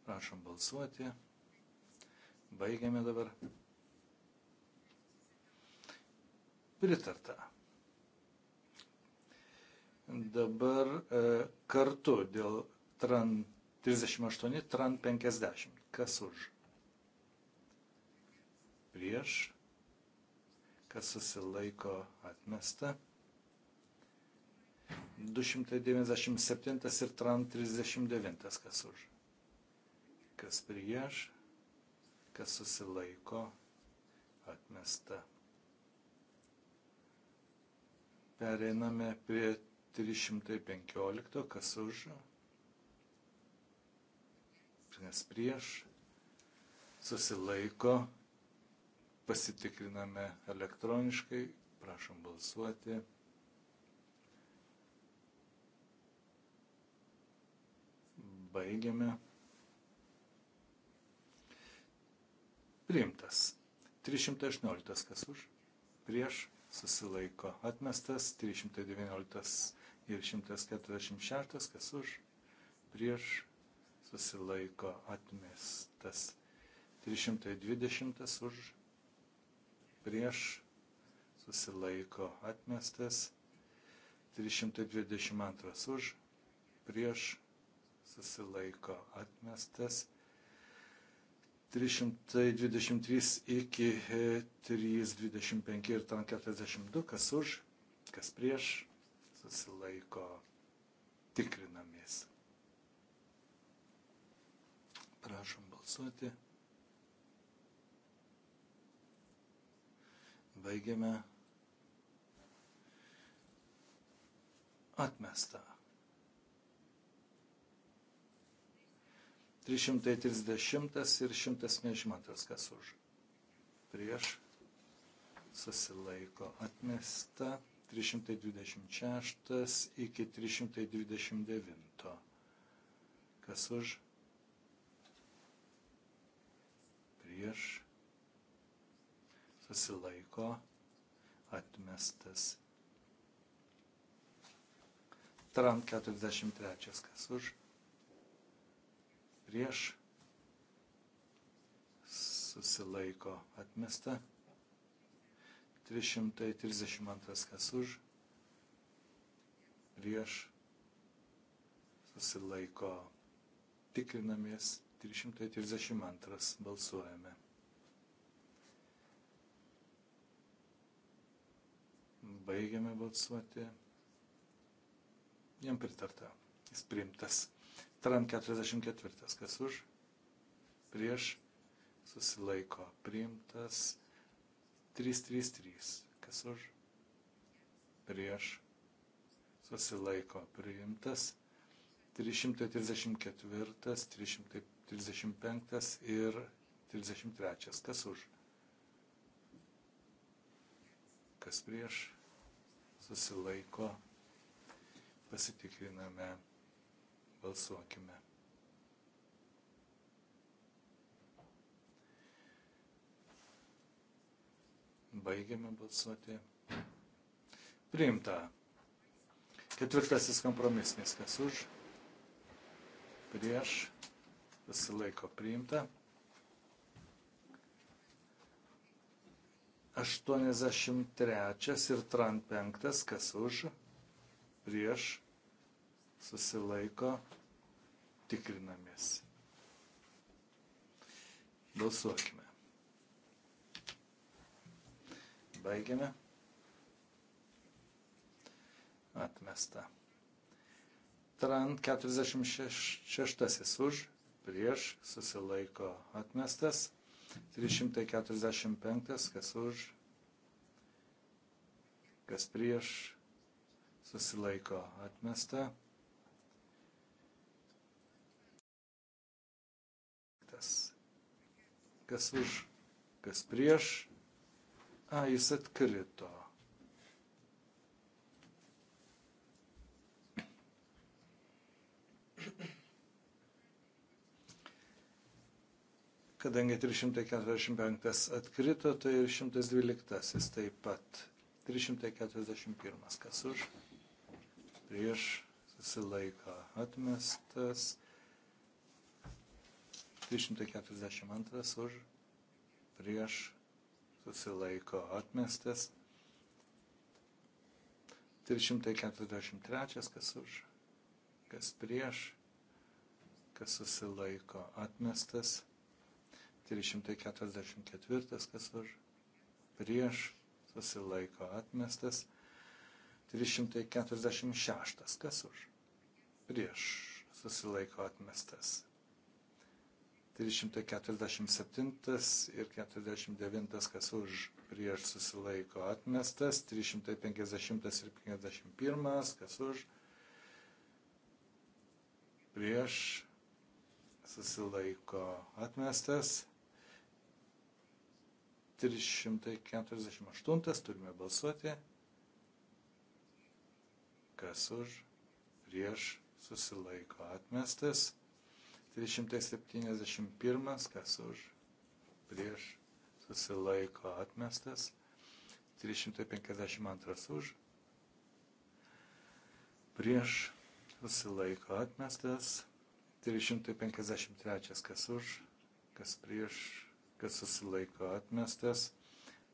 Prašom balsuoti. Baigiame dabar. Pritarta. Dabar e, kartu dėl tran 38, tran 50. Kas už? Prieš. Kas susilaiko atmesta. 297 ir tran 39, kas už, kas prieš, kas susilaiko, atmesta. Pereiname prie 315, kas už, nes prieš susilaiko, pasitikriname elektroniškai, prašom balsuoti. Baigiame. Priimtas. 318 kas už, prieš susilaiko. Atmestas 319 ir 146 kas už, prieš susilaiko. Atmestas 320 už, prieš susilaiko. Atmestas 322 už, prieš susilaiko atmestas. 323 iki 325 e, ir 42, kas už, kas prieš, susilaiko tikrinamės. Prašom balsuoti. Baigiame atmestą. 330 ir 172, kas už. Prieš susilaiko atmesta 326 iki 329. Kas už? Prieš susilaiko atmestas. Tram 43. Kas už? prieš susilaiko atmesta. 332 kas už prieš susilaiko tikrinamės 332 balsuojame. Baigiame balsuoti. Jam pritarta. Jis priimtas. Tran 44, kas už, prieš, susilaiko, priimtas 333, kas už, prieš, susilaiko, priimtas 334, 335 ir 33, kas už, kas prieš, susilaiko, pasitikriname Balsuokime. Baigiame balsuoti. Priimta. Ketvirtasis kompromisnis, kas už, prieš, pasilaiko priimta. 83 ir tran 5, kas už, prieš, susilaiko, tikrinamės. Balsuokime. Baigiame. Atmesta. Tran 46 už, prieš, susilaiko atmestas. 345, kas už, kas prieš, susilaiko atmesta. blokas. Kas už, kas prieš. A, jis atkrito. Kadangi 345 atkrito, tai ir 112 taip pat. 341 kas už, prieš susilaiko atmestas. 242 už, prieš, susilaiko atmestas. 343 kas už, kas prieš, kas susilaiko atmestas. 344 kas už, prieš, susilaiko atmestas. 346 kas už, prieš, susilaiko atmestas. 347 ir 49, kas už prieš susilaiko atmestas, 350 ir 51, kas už prieš susilaiko atmestas, 348 turime balsuoti, kas už prieš susilaiko atmestas. 371, kas už, prieš, susilaiko atmestas, 352 už, prieš, susilaiko atmestas, 353, kas už, kas prieš, kas susilaiko atmestas,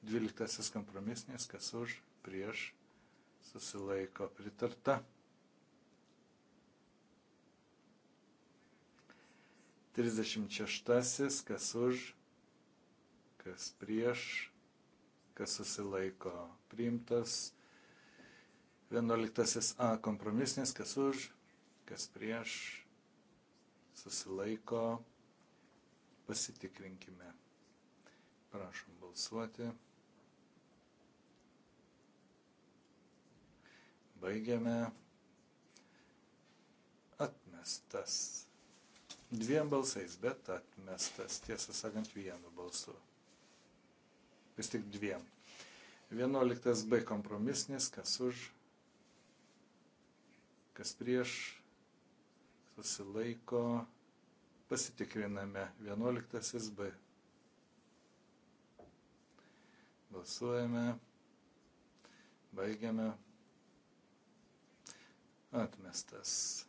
12 kompromisnis, kas už, prieš, susilaiko pritarta. 36. Kas už, kas prieš, kas susilaiko priimtas. 11. A kompromisnis, kas už, kas prieš, susilaiko. Pasitikrinkime. Prašom balsuoti. Baigiame. Atmestas dviem balsais, bet atmestas, tiesą sakant, vienu balsu. Vis tik dviem. 11 B kompromisnis, kas už, kas prieš, susilaiko, pasitikriname 11 B. Balsuojame, baigiame. Atmestas.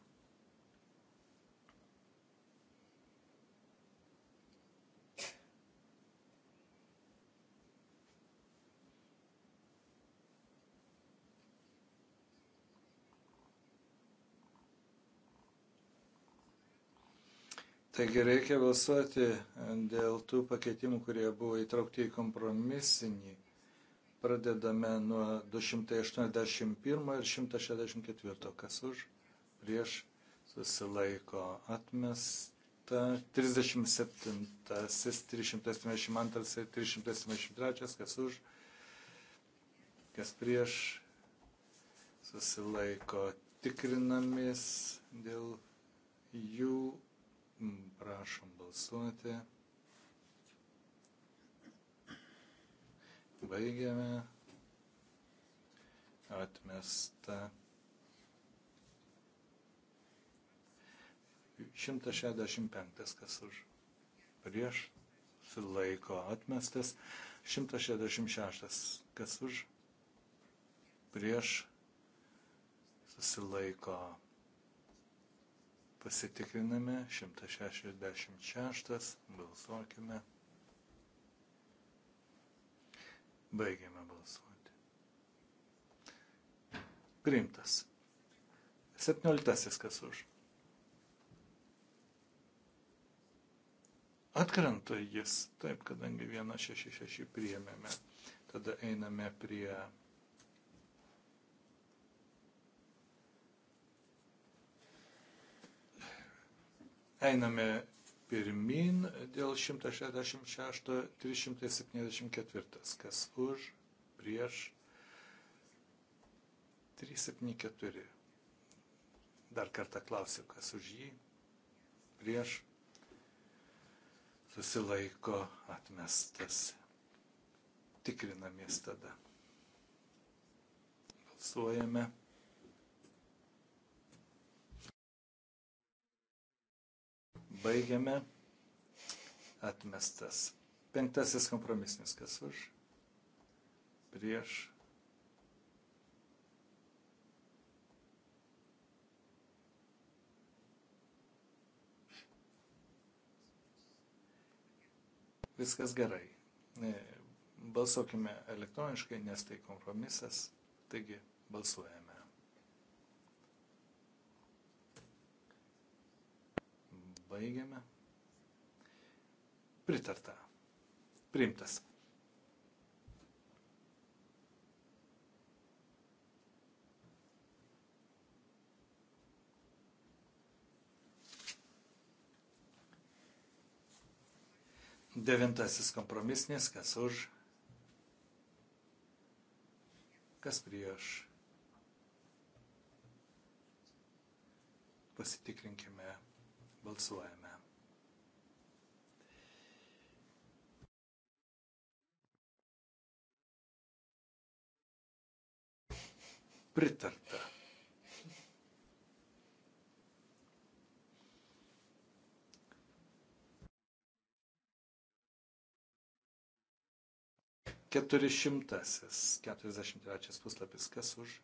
Taigi reikia balsuoti dėl tų pakeitimų, kurie buvo įtraukti į kompromisinį. Pradedame nuo 281 ir 164. Kas už, prieš, susilaiko atmesta. 37, 372 ir 373. Kas už, kas prieš, susilaiko tikrinamės dėl jų Mm, prašom balsuoti. Baigiame. Atmesta. 165 kas už. Prieš laiko atmestas. 166 kas už. Prieš susilaiko Pasitikriname 166, balsuokime. Baigiame balsuoti. Priimtas. 17 kas už. Atkrenta jis, taip, kadangi 166 priėmėme. Tada einame prie Einame pirmin dėl 166-374. Kas už, prieš 374. Dar kartą klausiu, kas už jį, prieš susilaiko atmestas. Tikrinamės tada. Balsuojame. Baigiame. Atmestas. Penktasis kompromisinis. Kas už? Prieš. Viskas gerai. E, balsuokime elektroniškai, nes tai kompromisas. Taigi balsuojame. Baigiame. Pritarta. Priimtas. Devintasis kompromisnis, kas už, kas prieš. Pasitikrinkime Balsuojame. Pritarta. Keturišimtasis, keturiasdešimt trečias puslapis, kas už,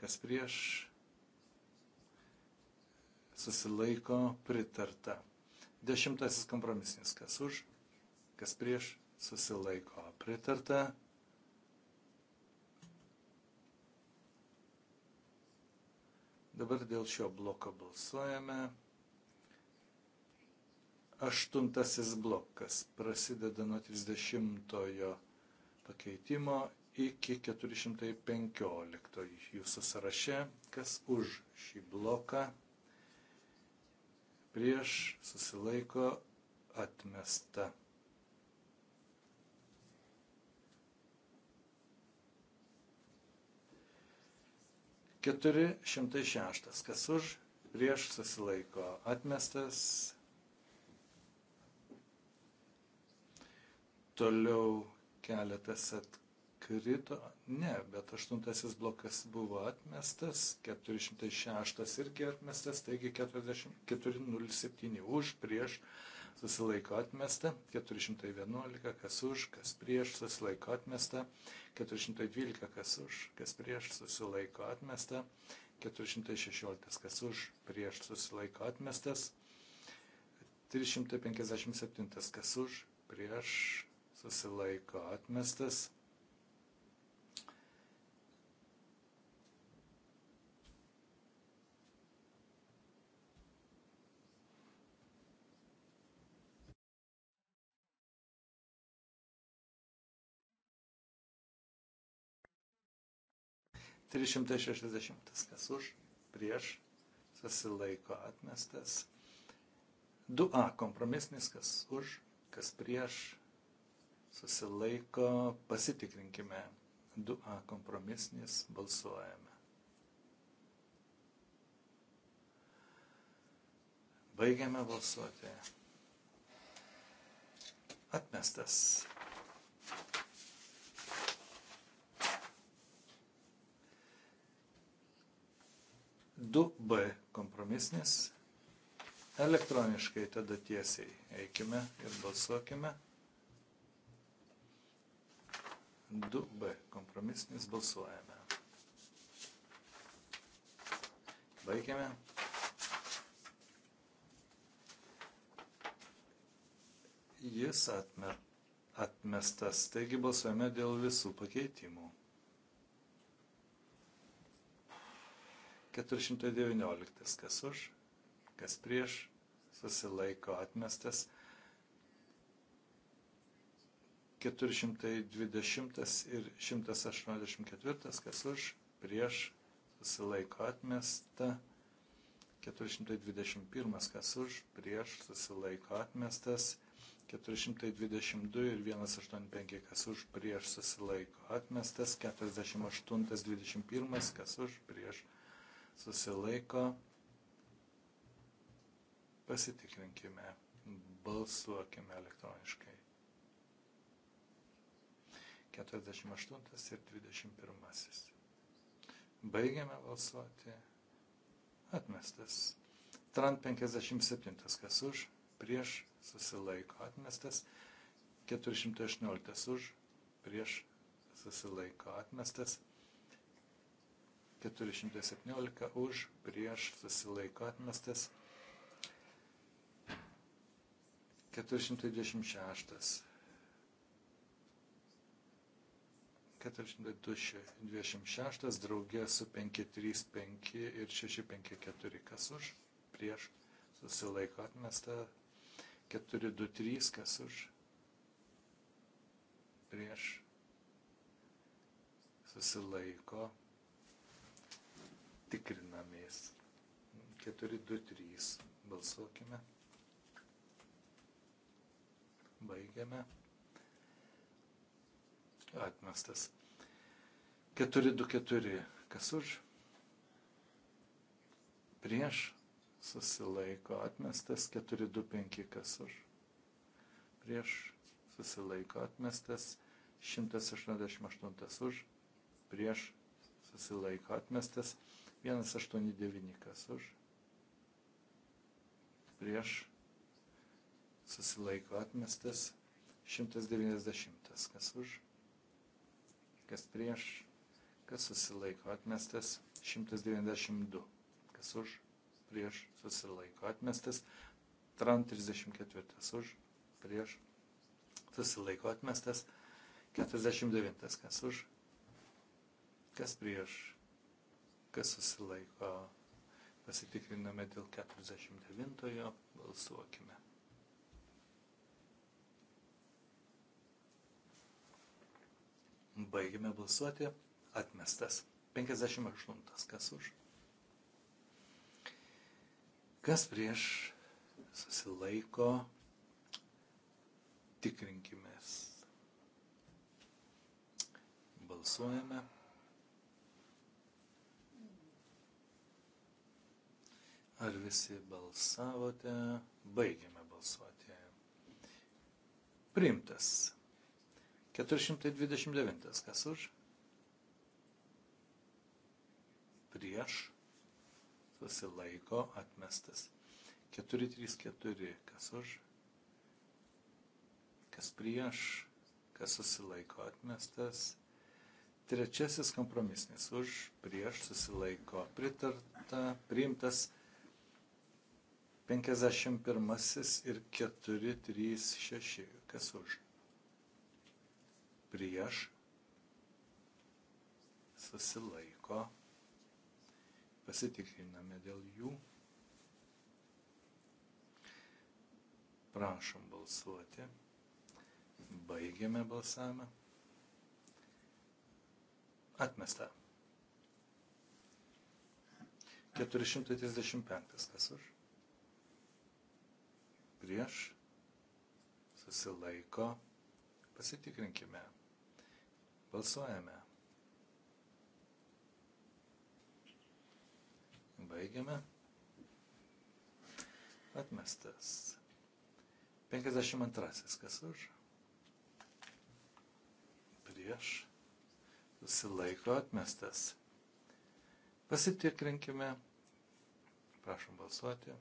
kas prieš, susilaiko pritarta. Dešimtasis kompromisinis, kas už, kas prieš, susilaiko pritarta. Dabar dėl šio bloko balsuojame. Aštuntasis blokas prasideda nuo 30 pakeitimo iki 415 jūsų sąraše, kas už šį bloką prieš susilaiko atmesta. Keturi šimtai šeštas, kas už, prieš susilaiko atmestas. Toliau keletas atkartų krito, ne, bet aštuntasis blokas buvo atmestas, 406 irgi atmestas, taigi 407 už, prieš susilaiko atmesta, 411 kas už, kas prieš susilaiko atmesta, 412 kas už, kas prieš susilaiko atmesta, 416 kas už, prieš susilaiko atmestas, 357 kas už, prieš susilaiko atmestas, 360. Kas už, prieš, susilaiko atmestas. 2A kompromisinis, kas už, kas prieš, susilaiko, pasitikrinkime. 2A kompromisinis, balsuojame. Baigiame balsuoti. Atmestas. 2b kompromisnis. Elektroniškai tada tiesiai eikime ir balsuokime. 2b kompromisnis balsuojame. Baigiame. Jis atmer, atmestas, taigi balsuojame dėl visų pakeitimų. 419. Kas už, kas prieš, susilaiko atmestas. 420 ir 184, kas už, prieš, susilaiko atmesta. 421, kas už, prieš, susilaiko atmestas. 422 ir 185, kas už, prieš, susilaiko atmestas. 48, 21, kas už, prieš, susilaiko atmestas susilaiko. Pasitikrinkime, balsuokime elektroniškai. 48 ir 21. Baigiame balsuoti. Atmestas. Trant 57, kas už, prieš susilaiko. Atmestas. 418 už, prieš susilaiko. Atmestas. 417 už, prieš susilaiko atmestas. 426. 426 draugė su 535 ir 654 kas už, prieš susilaiko atmesta 423 kas už, prieš susilaiko atmesta tikrinamės. 4-2-3 balsuokime. Baigiame. Atmestas. 4-2-4. Kas už? Prieš susilaiko. Atmestas 4-2-5. Kas už? Prieš susilaiko. Atmestas 188 už. Prieš susilaiko. Atmestas 4-2-5. 189 kas už. Prieš susilaiko atmestas 190 kas už. Kas prieš, kas susilaiko atmestas 192 kas už. Prieš susilaiko atmestas Tran 34 už. Prieš susilaiko atmestas 49 kas už. Kas prieš, kas susilaiko. Pasitikriname dėl 49-ojo, balsuokime. Baigime balsuoti, atmestas. 58, kas už. Kas prieš susilaiko, tikrinkimės. Balsuojame. Ar visi balsavote? Baigėme balsuoti. Priimtas. 429. Kas už? Prieš. Susilaiko atmestas. 434. Kas už? Kas prieš? Kas susilaiko atmestas? Trečiasis kompromisnis už, prieš susilaiko pritarta, priimtas 51 ir 4, 3, 6. Kas už? Prieš. Susilaiko. Pasitikriname dėl jų. Prašom balsuoti. Baigiame balsavimą. Atmesta. 435 kas už prieš, susilaiko, pasitikrinkime, balsuojame. Baigiame. Atmestas. 52. Kas už? Prieš. Susilaiko atmestas. Pasitikrinkime. Prašom balsuoti.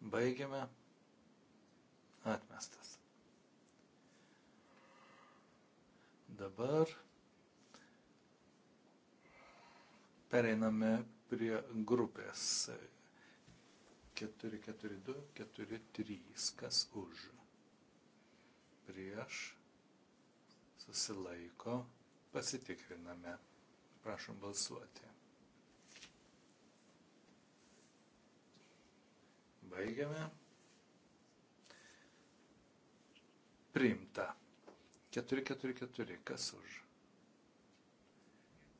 Baigiame. Atmestas. Dabar pereiname prie grupės 442, 43, kas už, prieš, susilaiko, pasitikriname, prašom balsuoti. Baigiame. Priimta. 444. Kas už?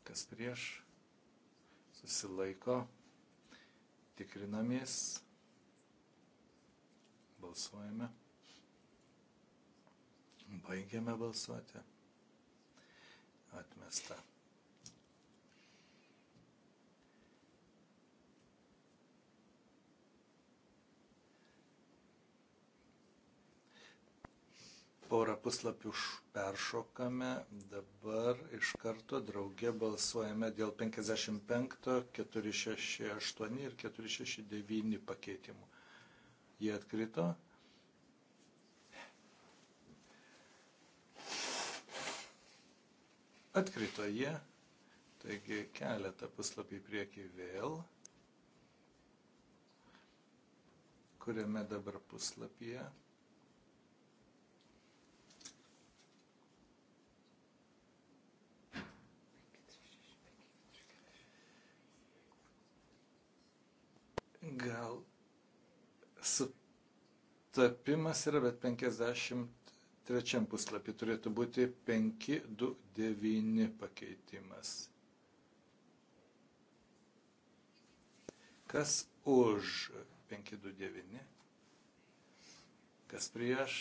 Kas prieš? Susilaiko. Tikrinamės. Balsuojame. Baigiame balsuoti. Atmesta. porą puslapių peršokame, dabar iš karto draugė balsuojame dėl 55, 468 ir 469 pakeitimų. Jie atkrito. Atkrito jie, taigi keletą puslapį priekį vėl. kuriame dabar puslapyje Gal sutapimas yra, bet 53 puslapį turėtų būti 529 pakeitimas. Kas už 529? Kas prieš?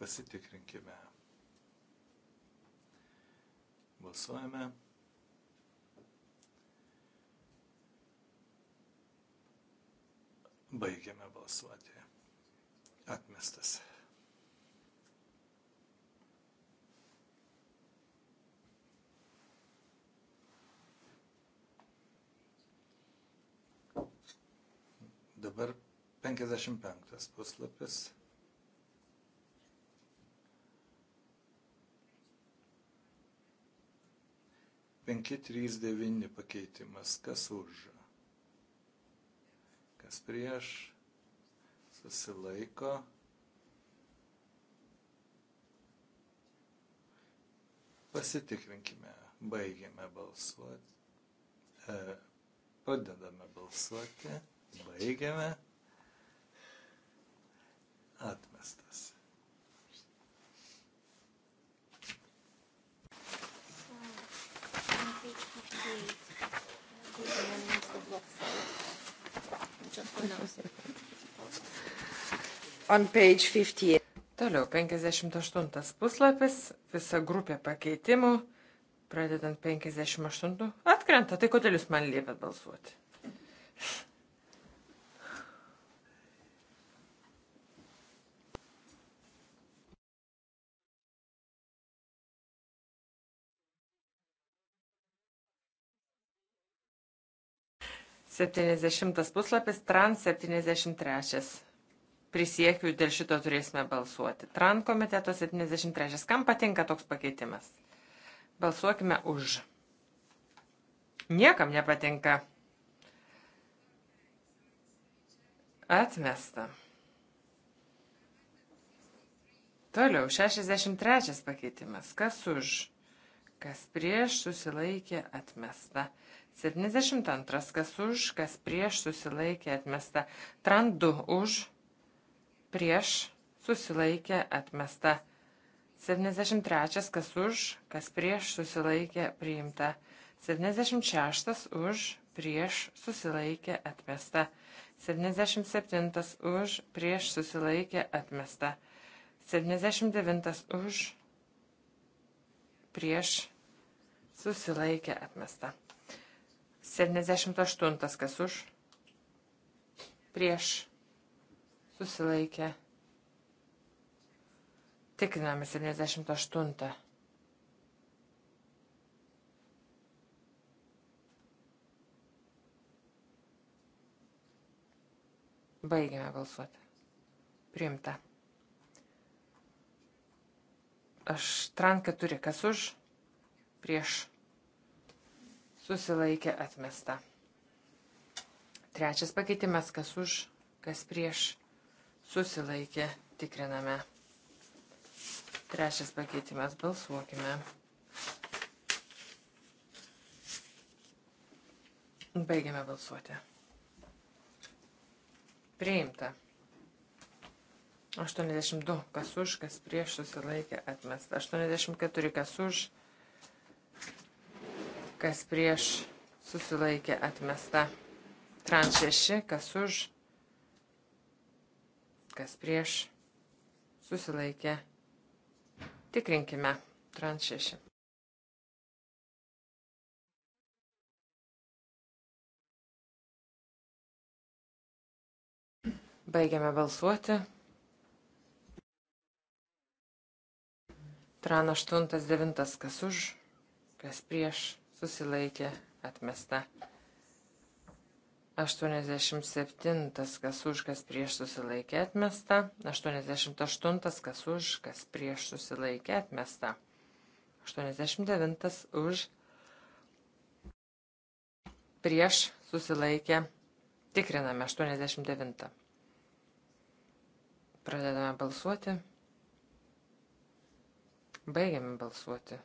Pasitikrinkime. Balsuojame. Baigiame balsuoti. Atmestas. Dabar 55 puslapis. Penki trys devyni pakeitimas. Kas už? kas prieš, susilaiko. Pasitikrinkime, baigiame balsuoti, e, padedame balsuoti, baigiame, atmestas. Thank you. On page 58. Toliau 58 puslapis, visa grupė pakeitimų, pradedant 58. Atkrenta, tai kodėl jūs man liepėt balsuoti? 70 puslapis, trans 73. Prisiekiu, dėl šito turėsime balsuoti. Tran komiteto 73. Kam patinka toks pakeitimas? Balsuokime už. Niekam nepatinka. Atmesta. Toliau, 63 pakeitimas. Kas už? kas prieš susilaikė atmesta. 72. Kas už, kas prieš susilaikė atmesta. Trandu už, prieš susilaikė atmesta. 73. Kas už, kas prieš susilaikė priimta. 76. Už, prieš susilaikė atmesta. 77. Už, prieš susilaikė atmesta. 79. Už, prieš susilaikę atmesta. 78 kas už, prieš susilaikę. Tikriname 78. Baigiame balsuoti. Priimta. Aš tran keturi, kas už, prieš, susilaikė atmesta. Trečias pakeitimas, kas už, kas prieš, susilaikė, tikriname. Trečias pakeitimas, balsuokime. Baigiame balsuoti. Priimta. 82, kas už, kas prieš susilaikė atmesta. 84, kas už, kas prieš susilaikė atmesta. Tran 6, kas už, kas prieš susilaikė. Tikrinkime. Tran 6. Baigiame balsuoti. Tran 8-9, kas už, kas prieš, susilaikė, atmesta. 87, kas už, kas prieš, susilaikė, atmesta. 88, kas už, kas prieš, susilaikė, atmesta. 89 už, prieš, susilaikė, tikriname 89. Pradedame balsuoti. Baigiame balsuoti.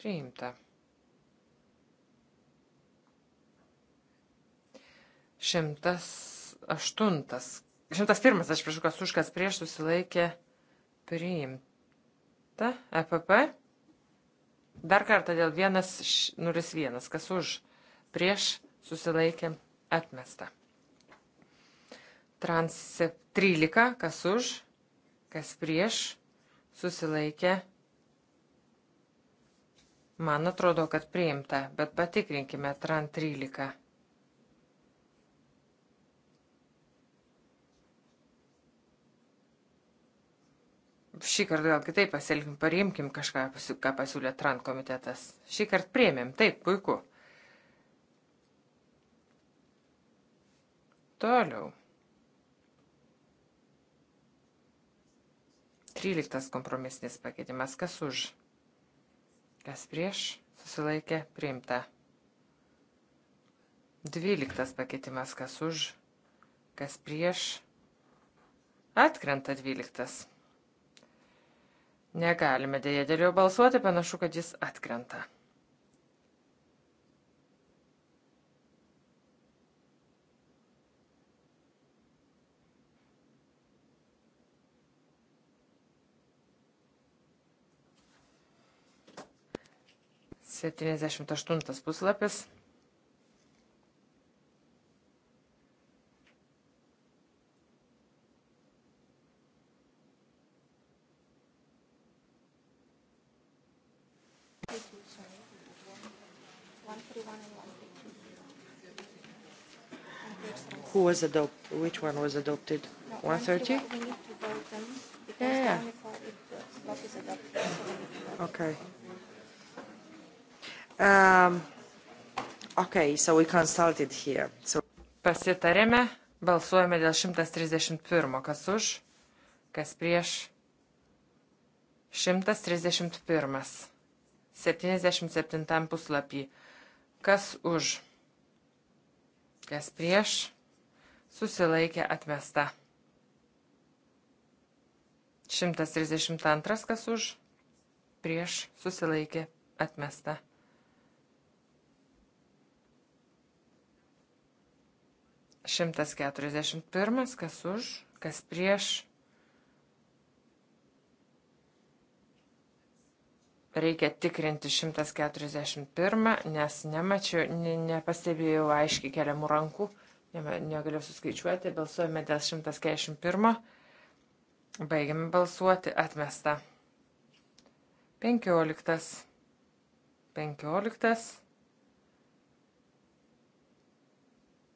Priimta. Šimtas aštuntas. Šimtas pirmas, aš prašau, kas už, kas prieš susilaikė. Priimta. EPP. Dar kartą dėl 101, kas už, prieš susilaikė. Atmesta. Trans 13, kas už, kas prieš susilaikė. Man atrodo, kad priimta, bet patikrinkime TRAN 13. Šį kartą gal kitaip pasielgim, parimkim kažką, ką pasiūlė TRAN komitetas. Šį kartą priėmėm, taip, puiku. Toliau. 13 kompromisinis pakeitimas. Kas už? Kas prieš? Susilaikė priimta. 12 pakeitimas. Kas už? Kas prieš? Atkrenta 12. Negalime dėja dėl jo balsuoti, panašu, kad jis atkrenta. 78 puslapis. Who was adopt? Which one was adopted? No, 130. We need to vote them because yeah, yeah. only for if the block is adopted. So okay. Vote. Um, okay, so we consulted here. So... Pasitarėme, balsuojame dėl 131. Kas už, kas prieš. 131. 77 puslapį. Kas už, kas prieš, susilaikė atmesta. 132. Kas už, prieš, susilaikė atmesta. 141, kas už, kas prieš. Reikia tikrinti 141, nes nemačiau, ne, nepastebėjau aiškiai keliamų rankų, ne, negaliu suskaičiuoti, balsuojame dėl 141, baigiame balsuoti, atmesta. 15, 15.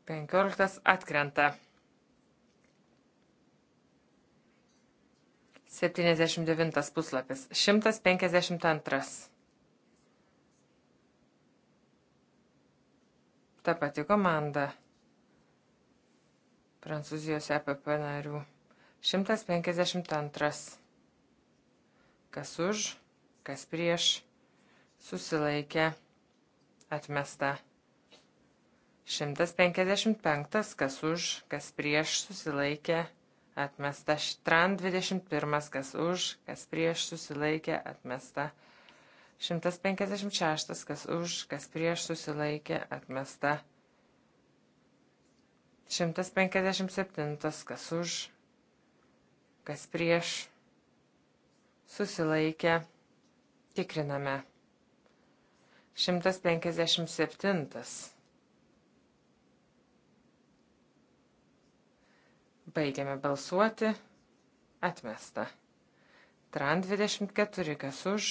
15 atkrenta. 79 puslapis. 152. Ta pati komanda. Prancūzijos EPP narių. 152. Kas už, kas prieš, susilaikė, atmesta. 155, kas už, kas prieš susilaikė, atmesta. Štran 21, kas už, kas prieš susilaikė, atmesta. 156, kas už, kas prieš susilaikė, atmesta. 157, kas už, kas prieš susilaikė, tikriname. 157. Baigiame balsuoti. Atmesta. Tran 24, kas už,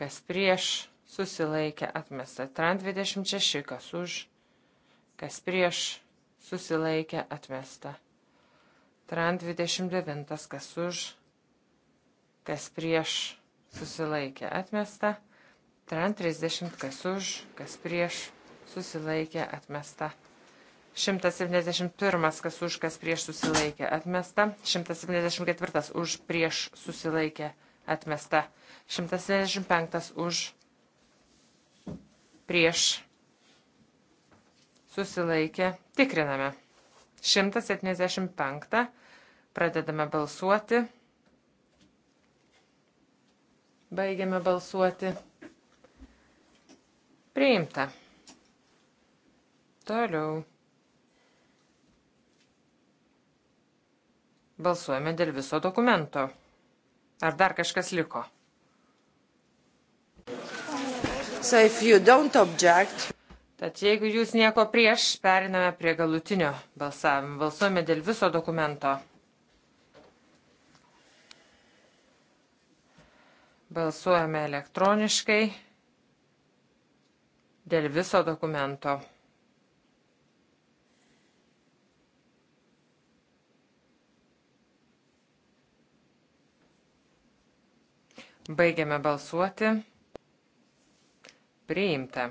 kas prieš, susilaikė, atmesta. Tran 26, kas už, kas prieš, susilaikė, atmesta. Tran 29, kas už, kas prieš, susilaikė, atmesta. Tran 30, kas už, kas prieš, susilaikė, atmesta. 171, kas už, kas prieš susilaikė, atmesta. 174, už, prieš susilaikė, atmesta. 175, už, prieš susilaikė, tikriname. 175, pradedame balsuoti. Baigiame balsuoti. Priimta. Toliau. Balsuojame dėl viso dokumento. Ar dar kažkas liko? So object... Tad jeigu jūs nieko prieš, periname prie galutinio balsavimo. Balsuojame dėl viso dokumento. Balsuojame elektroniškai dėl viso dokumento. Baigiame balsuoti. Priimta.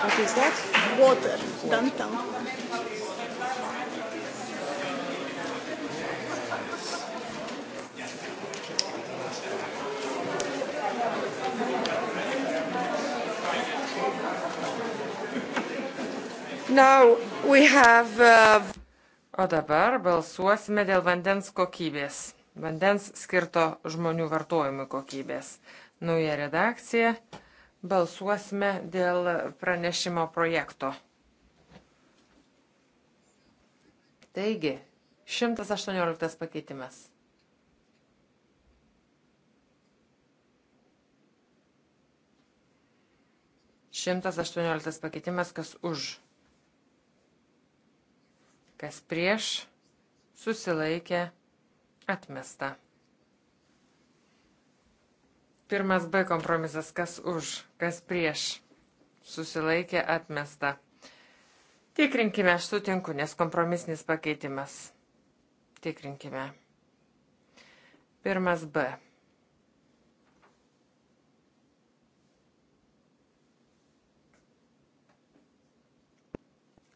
What is that? Water, downtown. Have... Uh, o dabar balsuosime dėl vandens kokybės. Vandens skirto žmonių vartojimui kokybės. Nauja redakcija. Balsuosime dėl pranešimo projekto. Taigi, 118 pakeitimas. Šimtas aštuonioliktas pakeitimas, kas už kas prieš, susilaikė, atmesta. Pirmas B kompromisas, kas už, kas prieš, susilaikė, atmesta. Tikrinkime, aš sutinku, nes kompromisinis pakeitimas. Tikrinkime. Pirmas B.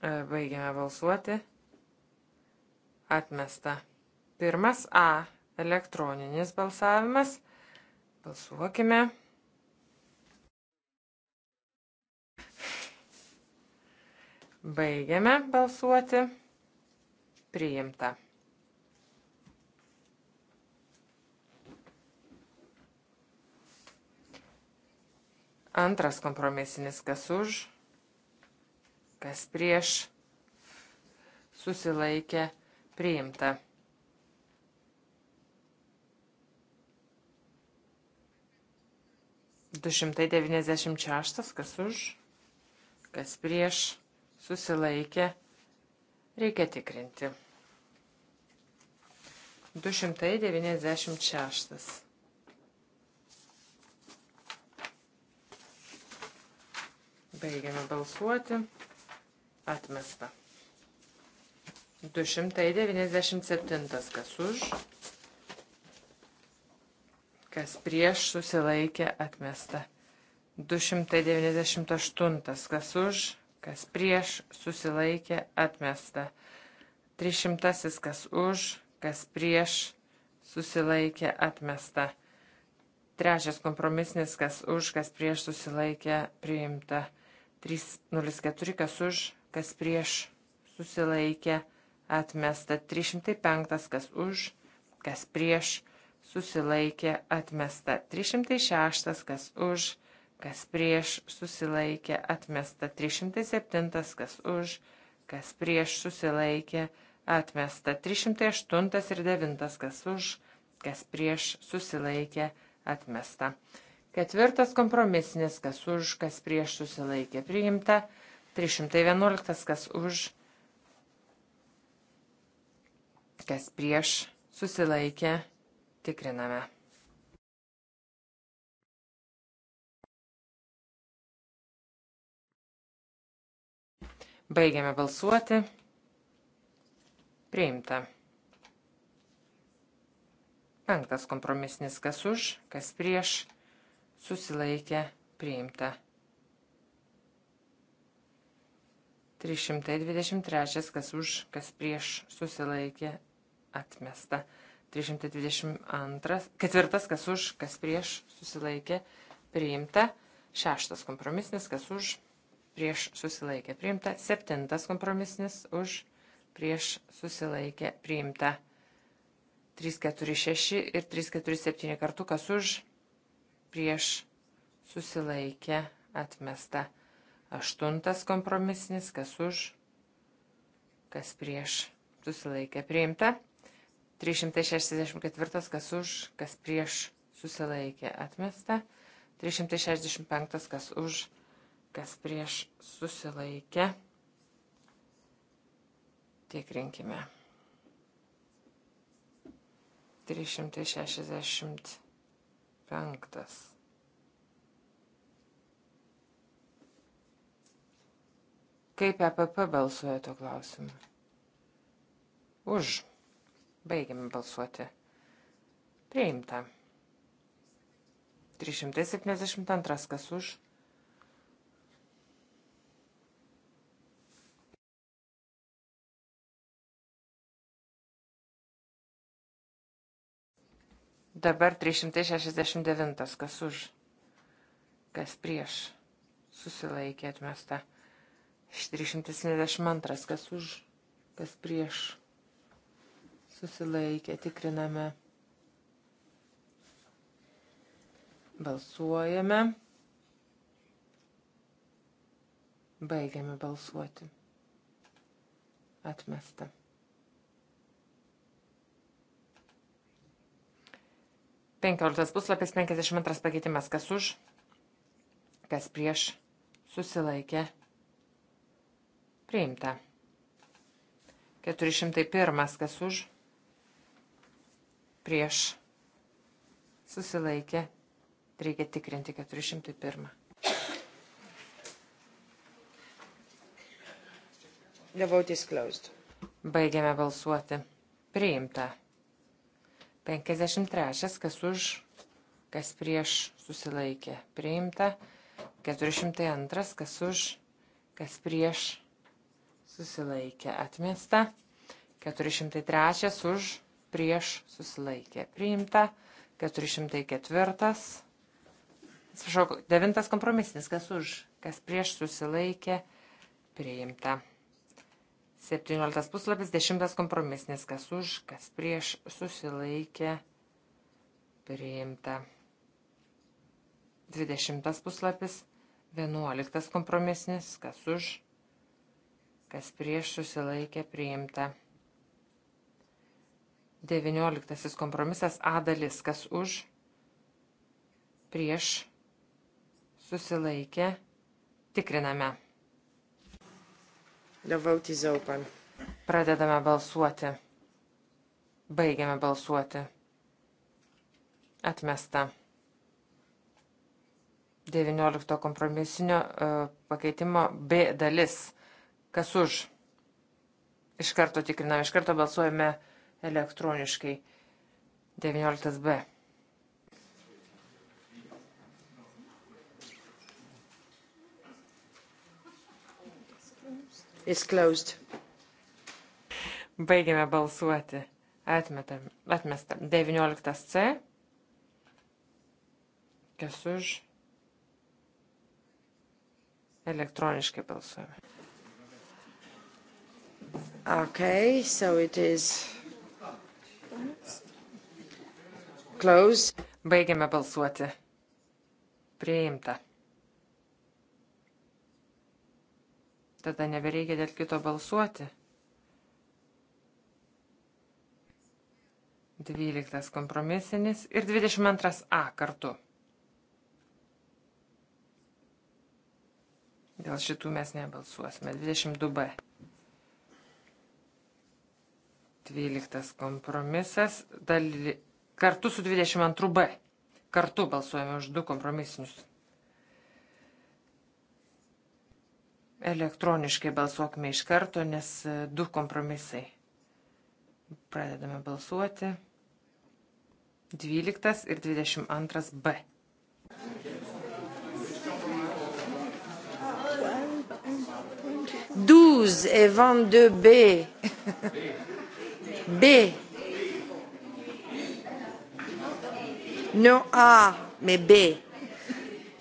E, baigiame balsuoti atmesta. Pirmas A elektroninis balsavimas. Balsuokime. Baigiame balsuoti. Priimta. Antras kompromisinis kas už, kas prieš susilaikė priimta priimta. Du šimtai devyniasdešimt šeštas, kas už, kas prieš, susilaikė, reikia tikrinti. Du šimtai devyniasdešimt šeštas. Baigiame balsuoti. Atmesta. 297 kas už, kas prieš susilaikė atmesta. 298 kas už, kas prieš susilaikė atmesta. 300 kas už, kas prieš susilaikė atmesta. Trečias kompromisnis, kas už, kas prieš susilaikė, priimta. 304, kas už, kas prieš susilaikė, priimta atmesta 305, kas už, kas prieš, susilaikė, atmesta 306, kas už, kas prieš, susilaikė, atmesta 307, kas už, kas prieš, susilaikė, atmesta 308 ir 9, kas už, kas prieš, susilaikė, atmesta. Ketvirtas kompromisinis, kas už, kas prieš, susilaikė, priimta 311, kas už, kas prieš, susilaikė, tikriname. Baigiame balsuoti. Priimta. Penktas kompromisnis kas už, kas prieš, susilaikė, priimta. 323, kas už, kas prieš susilaikė atmesta. 322, ketvirtas, kas už, kas prieš susilaikė priimta. Šeštas kompromisinis, kas už, prieš susilaikė priimta. Septintas kompromisinis už, prieš susilaikė priimta. 346 ir 347 kartų, kas už, prieš susilaikė atmesta. Aštuntas kompromisinis, kas už, kas prieš, susilaikė priimta. 364, kas už, kas prieš, susilaikė atmesta. 365, kas už, kas prieš, susilaikė. Tikrinkime. 365. Kaip EPP balsuoja tuo klausimu? Už. Baigiame balsuoti. Priimta. 372 kas už. Dabar 369 kas už. Kas prieš. Susilaikė atmesta. 372. Kas už, kas prieš. Susilaikę tikriname. Balsuojame. Baigiame balsuoti. Atmesta. Penkioliktas puslapis, 52 pakeitimas. Kas už, kas prieš. Susilaikė Priimta. 401. Kas už? Prieš. Susilaikė. Reikia tikrinti 401. The vote is closed. Baigiame balsuoti. Priimta. 53. Kas už, kas prieš susilaikė. Priimta. 402. Kas už, kas prieš susilaikė atmesta, 403 už prieš susilaikė priimta, 404, atsiprašau, 9 kompromisinis, kas už, kas prieš susilaikė priimta. 17 puslapis, 10 kompromisinis, kas už, kas prieš susilaikė priimta. 20 puslapis, 11 kompromisinis, kas už, kas prieš susilaikė priimta. 19 kompromisas A dalis, kas už, prieš susilaikė, tikriname. The vote is open. Pradedame balsuoti. Baigiame balsuoti. Atmesta. 19 kompromisinio e, pakeitimo B dalis. Kas už? Iš karto tikriname, iš karto balsuojame elektroniškai. 19b. Is closed. Baigiame balsuoti. Atmetam. Atmestam. 19c. Kas už? Elektroniškai balsuojame. Okay, so it is closed. Baigiame balsuoti. Priimta. Tada nebereikia dėl kito balsuoti. Dvyliktas kompromisinis ir 22 A kartu. Dėl šitų mes nebalsuosime. 22B. 12 kompromisas dali, kartu su 22b. Kartu balsuojame už du kompromisinius. Elektroniškai balsuokime iš karto, nes e, du kompromisai. Pradedame balsuoti. 12 ir 22b. Douze et vingt-deux B. B. Non A, mais B. Et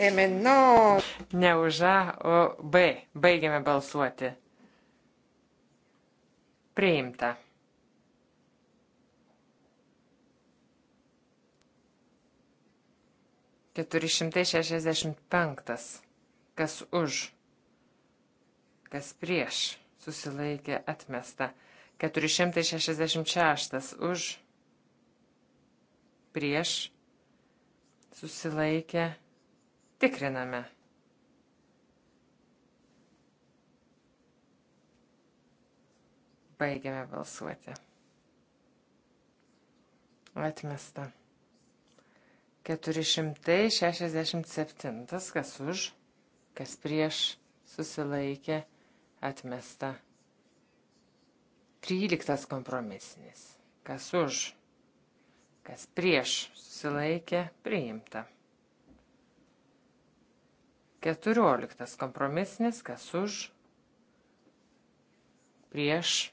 eh, maintenant... Ne už A, o B. Baigiame balsuoti. Priimta. Keturi šimtai šešiasdešimt penktas. Kas už? Kas prieš? Susilaikė atmesta. 465 466 už, prieš, susilaikę, tikriname. Baigiame balsuoti. Atmesta. 467, kas už, kas prieš, susilaikė, atmesta. 13 kompromisinis. Kas už, kas prieš susilaikė priimta. 14 kompromisinis, kas už, prieš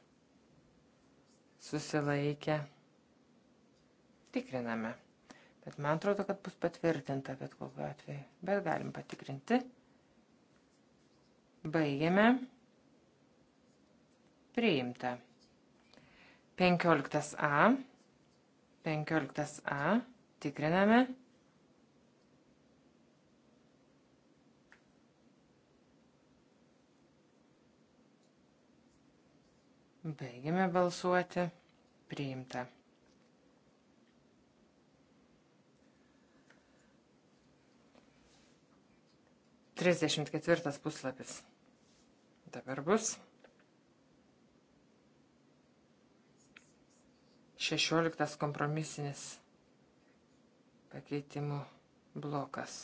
susilaikė. Tikriname. Bet man atrodo, kad bus patvirtinta bet kokiu atveju. Bet galim patikrinti. Baigiame. Priimta. 15a. 15a. Tikriname. Baigiame balsuoti. Priimta. Trisdešimt ketvirtas puslapis. Dabar bus. 16 kompromisinis pakeitimų blokas.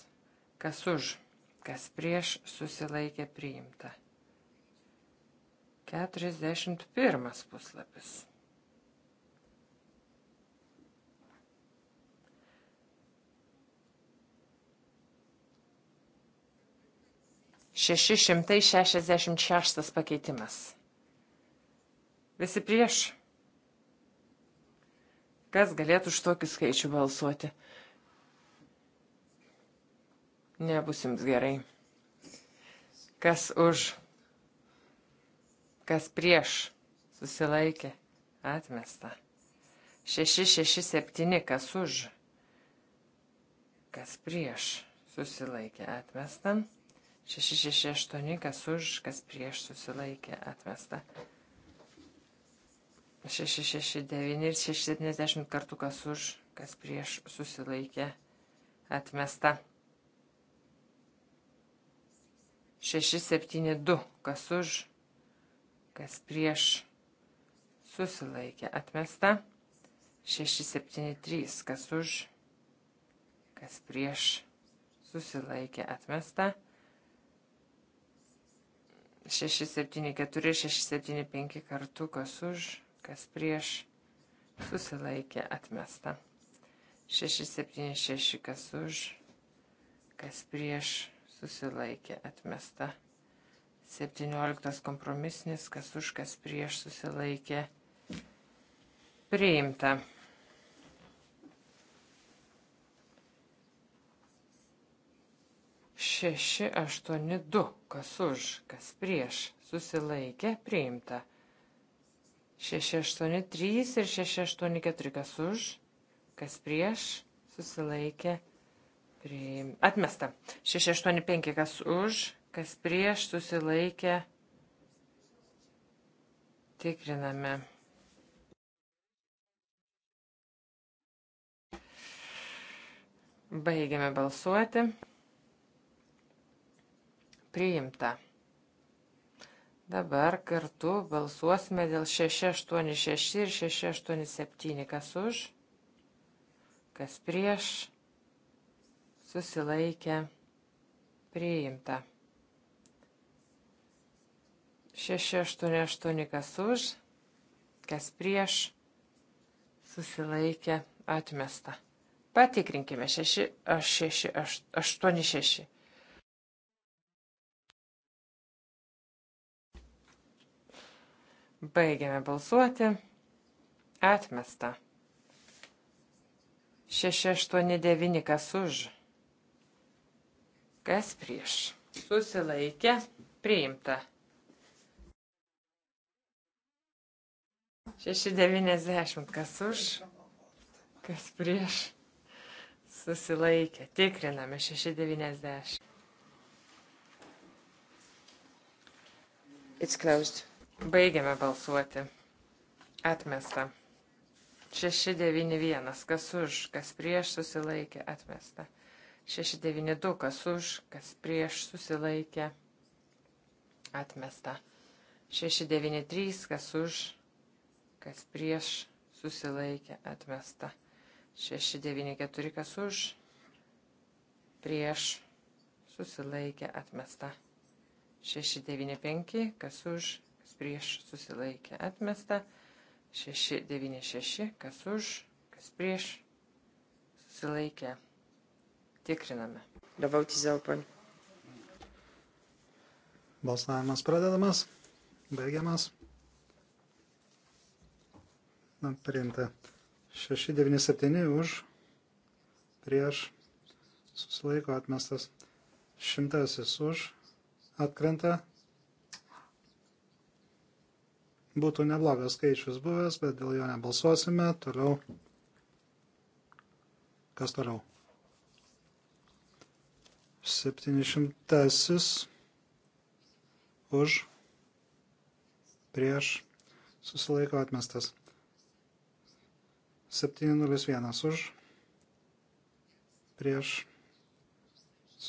Kas už, kas prieš susilaikė priimta. 41 puslapis. Šeši šimtai šešiasdešimt šeštas pakeitimas. Visi prieš. Kas galėtų už tokį skaičių balsuoti? Nebus jums gerai. Kas už? Kas prieš? Susilaikė. Atmesta. 667. Kas už? Kas prieš? Susilaikė. Atmesta. 668. Kas už? Kas prieš? Susilaikė. Atmesta. 669 ir 670 kartų kas už, kas prieš susilaikė atmesta. 672 kas už, kas prieš susilaikė atmesta. 673 kas už, kas prieš susilaikė atmesta. 674, 675 kartų kas už kas prieš, susilaikė atmesta. 676, kas už, kas prieš, susilaikė atmesta. 17 kompromisnis, kas už, kas prieš, susilaikė priimta. Šeši, aštuoni, du, kas už, kas prieš, susilaikė, priimta. 683 ir 684, kas už, kas prieš, susilaikė, priim... atmesta. 685, kas už, kas prieš, susilaikė, tikriname. Baigiame balsuoti. Priimta. Dabar kartu balsuosime dėl 686 ir 687. Kas už, kas prieš, susilaikę, priimta. 688 kas už, kas prieš, susilaikę, atmesta. Patikrinkime 686. Baigiame balsuoti. Atmesta. 689 kas už. Kas prieš. Susilaikė. Priimta. 690 kas už. Kas prieš. Susilaikė. Tikriname 690. It's closed. Baigiame balsuoti. Atmesta. 691. Kas už, kas prieš susilaikė. Atmesta. 692. Kas už, kas prieš susilaikė. Atmesta. 693. Kas už, kas prieš susilaikė. Atmesta. 694. Kas už, prieš susilaikė. Atmesta. 695. Kas už, prieš susilaikė atmesta, 696, kas už, kas prieš susilaikė. Tikriname. Dabar tizaupan. Balsavimas pradedamas, baigiamas. Na, priimta. 697 už, prieš, susilaiko atmestas. Šimtasis už, atkrenta. Būtų neblogas skaičius buvęs, bet dėl jo nebalsuosime. Toliau. Kas toliau? 700 už prieš susilaiko atmestas. 701 už prieš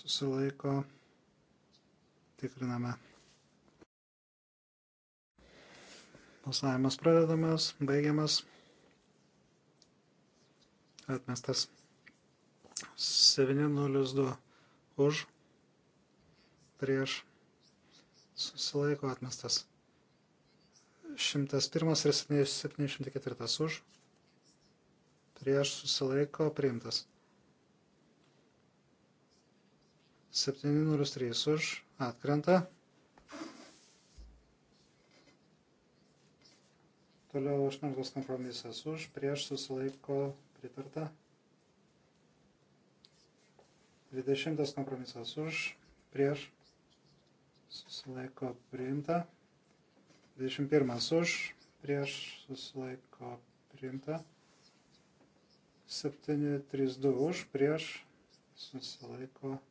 susilaiko tikriname. Balsavimas pradedamas, baigiamas. Atmestas. 702 už, prieš, susilaiko atmestas. 101 ir 704 už, prieš, susilaiko priimtas. 703 už, atkrenta. Toliau 18 kompromisas už, prieš susilaiko pritarta. 20 kompromisas už, prieš susilaiko priimta. 21 už, prieš susilaiko priimta. 732 už, prieš susilaiko.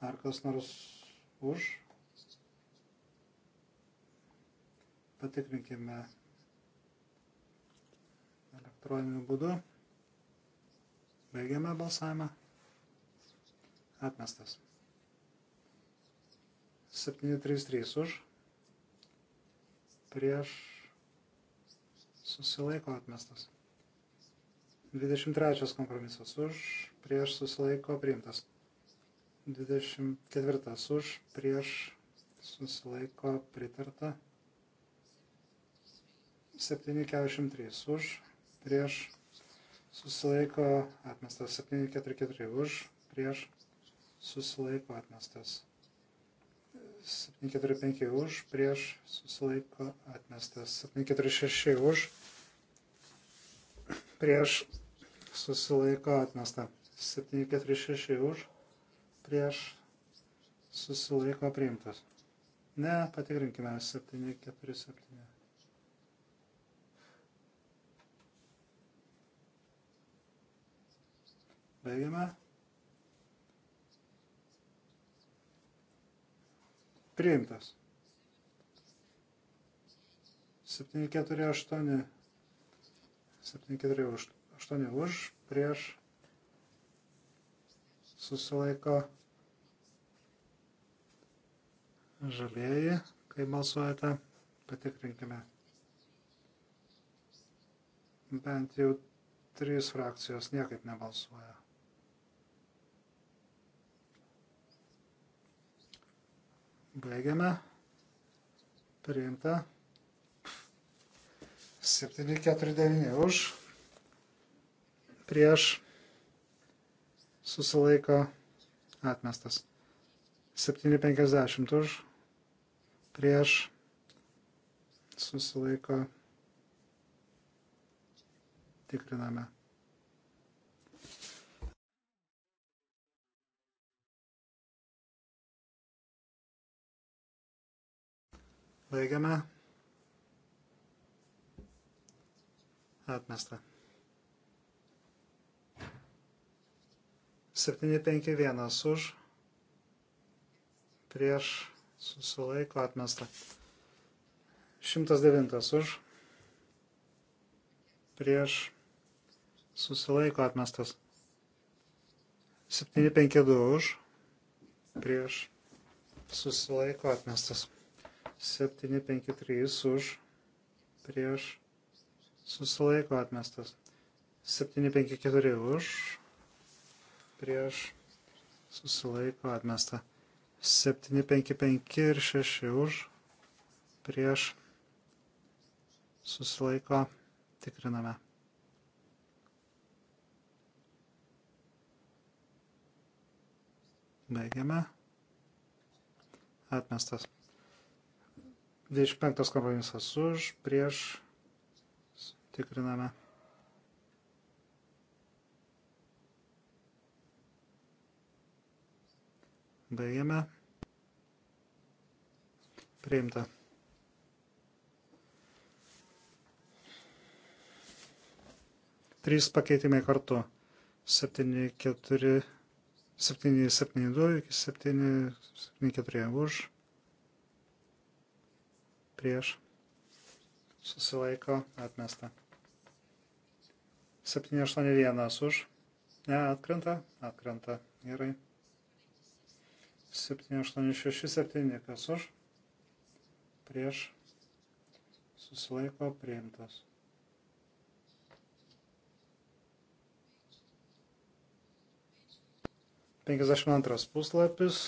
Ar kas nors už? patikrinkime elektroniniu būdu. Baigiame balsavimą. Atmestas. 733 už. Prieš. Susilaiko atmestas. 23 kompromisas už. Prieš susilaiko priimtas. 24 už. Prieš susilaiko pritarta. 743 už, prieš susilaiko atmestas 744 už, prieš susilaiko atmestas 745 už, prieš susilaiko atmestas 746 už, prieš susilaiko atmestą 746 už, prieš susilaiko priimtas. Ne, patikrinkime 747. Baigiame. Priimtas. 748. 748 už, prieš. Susilaiko žalieji, kai balsuojate, patikrinkime. Bent jau trys frakcijos niekaip nebalsuoja. Baigiame. Priimta. 749 už. Prieš. Susilaiko. Atmestas. 750 už. Prieš. Susilaiko. Tikriname. Baigiame. Atmesta. 751 už, prieš susilaiko atmesta. 109 už, prieš susilaiko atmestas. 752 už, prieš susilaiko atmestas. 753 už prieš susilaiko atmestas. 754 už prieš susilaiko atmesta. 755 ir 6 už prieš susilaiko tikriname. Baigiame. Atmestas. 25 kompromisas už, prieš, tikriname. Baigiame. Priimta. Trys pakeitimai kartu. 7, 4, 7, 7, 2 iki 7, 7, 4 už prieš susilaiko atmesta. 781 už. Ne, atkrenta, atkrenta. Gerai. 7867 kas už. Prieš susilaiko priimtas. Penkiasdešimt antras puslapis.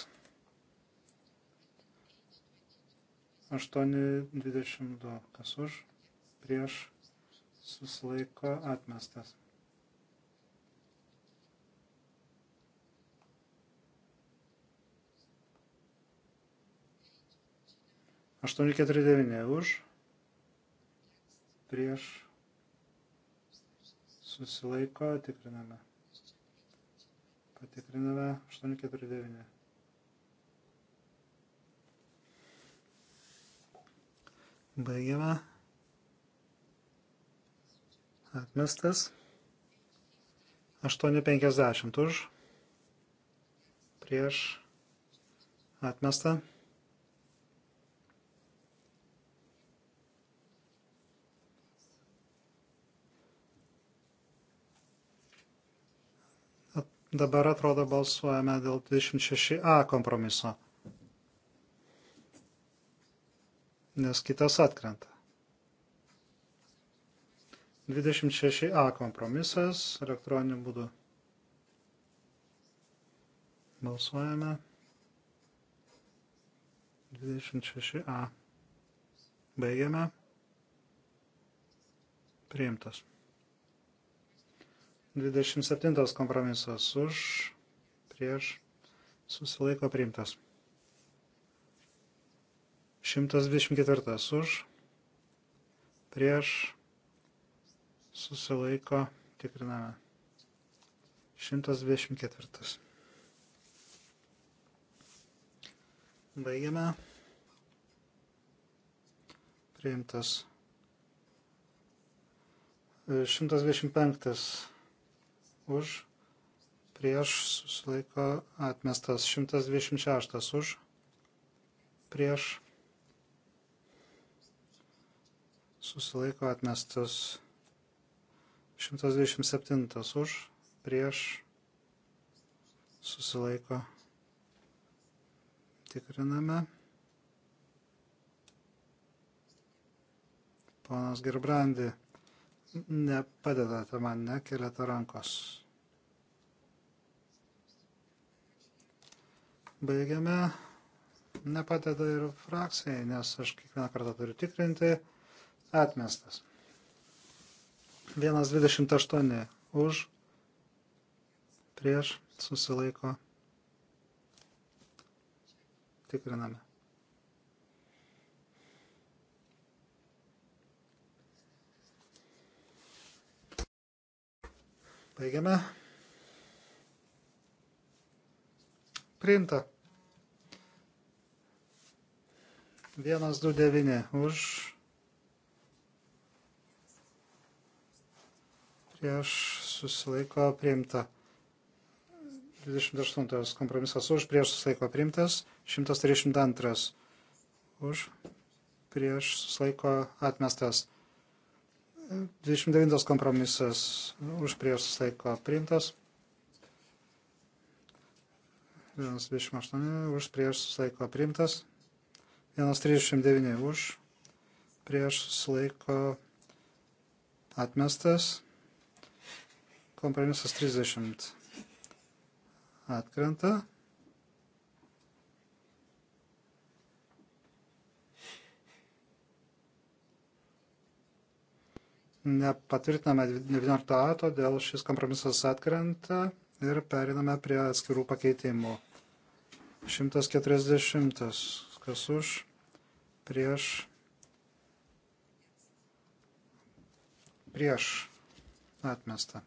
8.22. Kas už, prieš, susilaiko atmestas. Aštuoni keturi devyni už, prieš, susilaiko, tikriname. Patikriname 849. Baigiame. Atmestas. 8.50 už. Prieš. Atmestą. Dabar atrodo balsuojame dėl 26A kompromiso. nes kitas atkrenta. 26a kompromisas elektroniniu būdu. Balsuojame. 26a. Baigiame. Priimtas. 27 kompromisas už, prieš, susilaiko priimtas. 124 už, prieš, susilaiko, tikriname. 124. Baigiame. Priimtas. 125 už, prieš susilaiko atmestas 126 už, prieš susilaiko atmestas 127 už, prieš susilaiko tikriname. Ponas Gerbrandi, nepadedate man, nekeliate rankos. Baigiame, nepadeda ir frakcijai, nes aš kiekvieną kartą turiu tikrinti. Atmestas. 1.28 už, prieš, susilaiko. Tikriname. Baigiame. Priimta. 129 už prieš susilaiko priimta. 28 kompromisas už, prieš susilaiko priimtas. 132 už, prieš susilaiko atmestas. 29 kompromisas už, prieš susilaiko priimtas. 128 už, prieš susilaiko priimtas. 139 už, prieš susilaiko atmestas. Kompromisas 30 atkrenta. Nepatvirtiname 19a, todėl šis kompromisas atkrenta ir periname prie atskirų pakeitimų. 140. Kas už? Prieš. Prieš. Atmesta.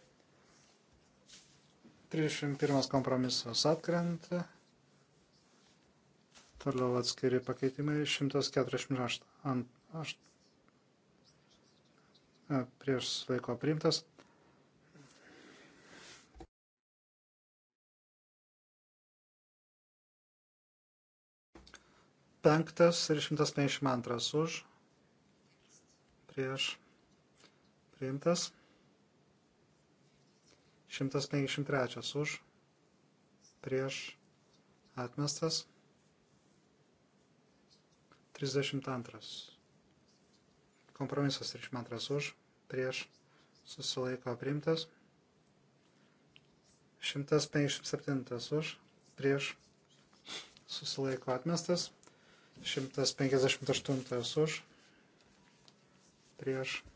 31 kompromisas atkrenta. Toliau atskiri pakeitimai 148 ant, aš, a, e, prieš laiko priimtas. Penktas ir 152 už prieš priimtas. 153 už, prieš atmestas, 32. Kompromisas 32 už, prieš susilaiko priimtas, 157 už, prieš susilaiko atmestas, 158 už, prieš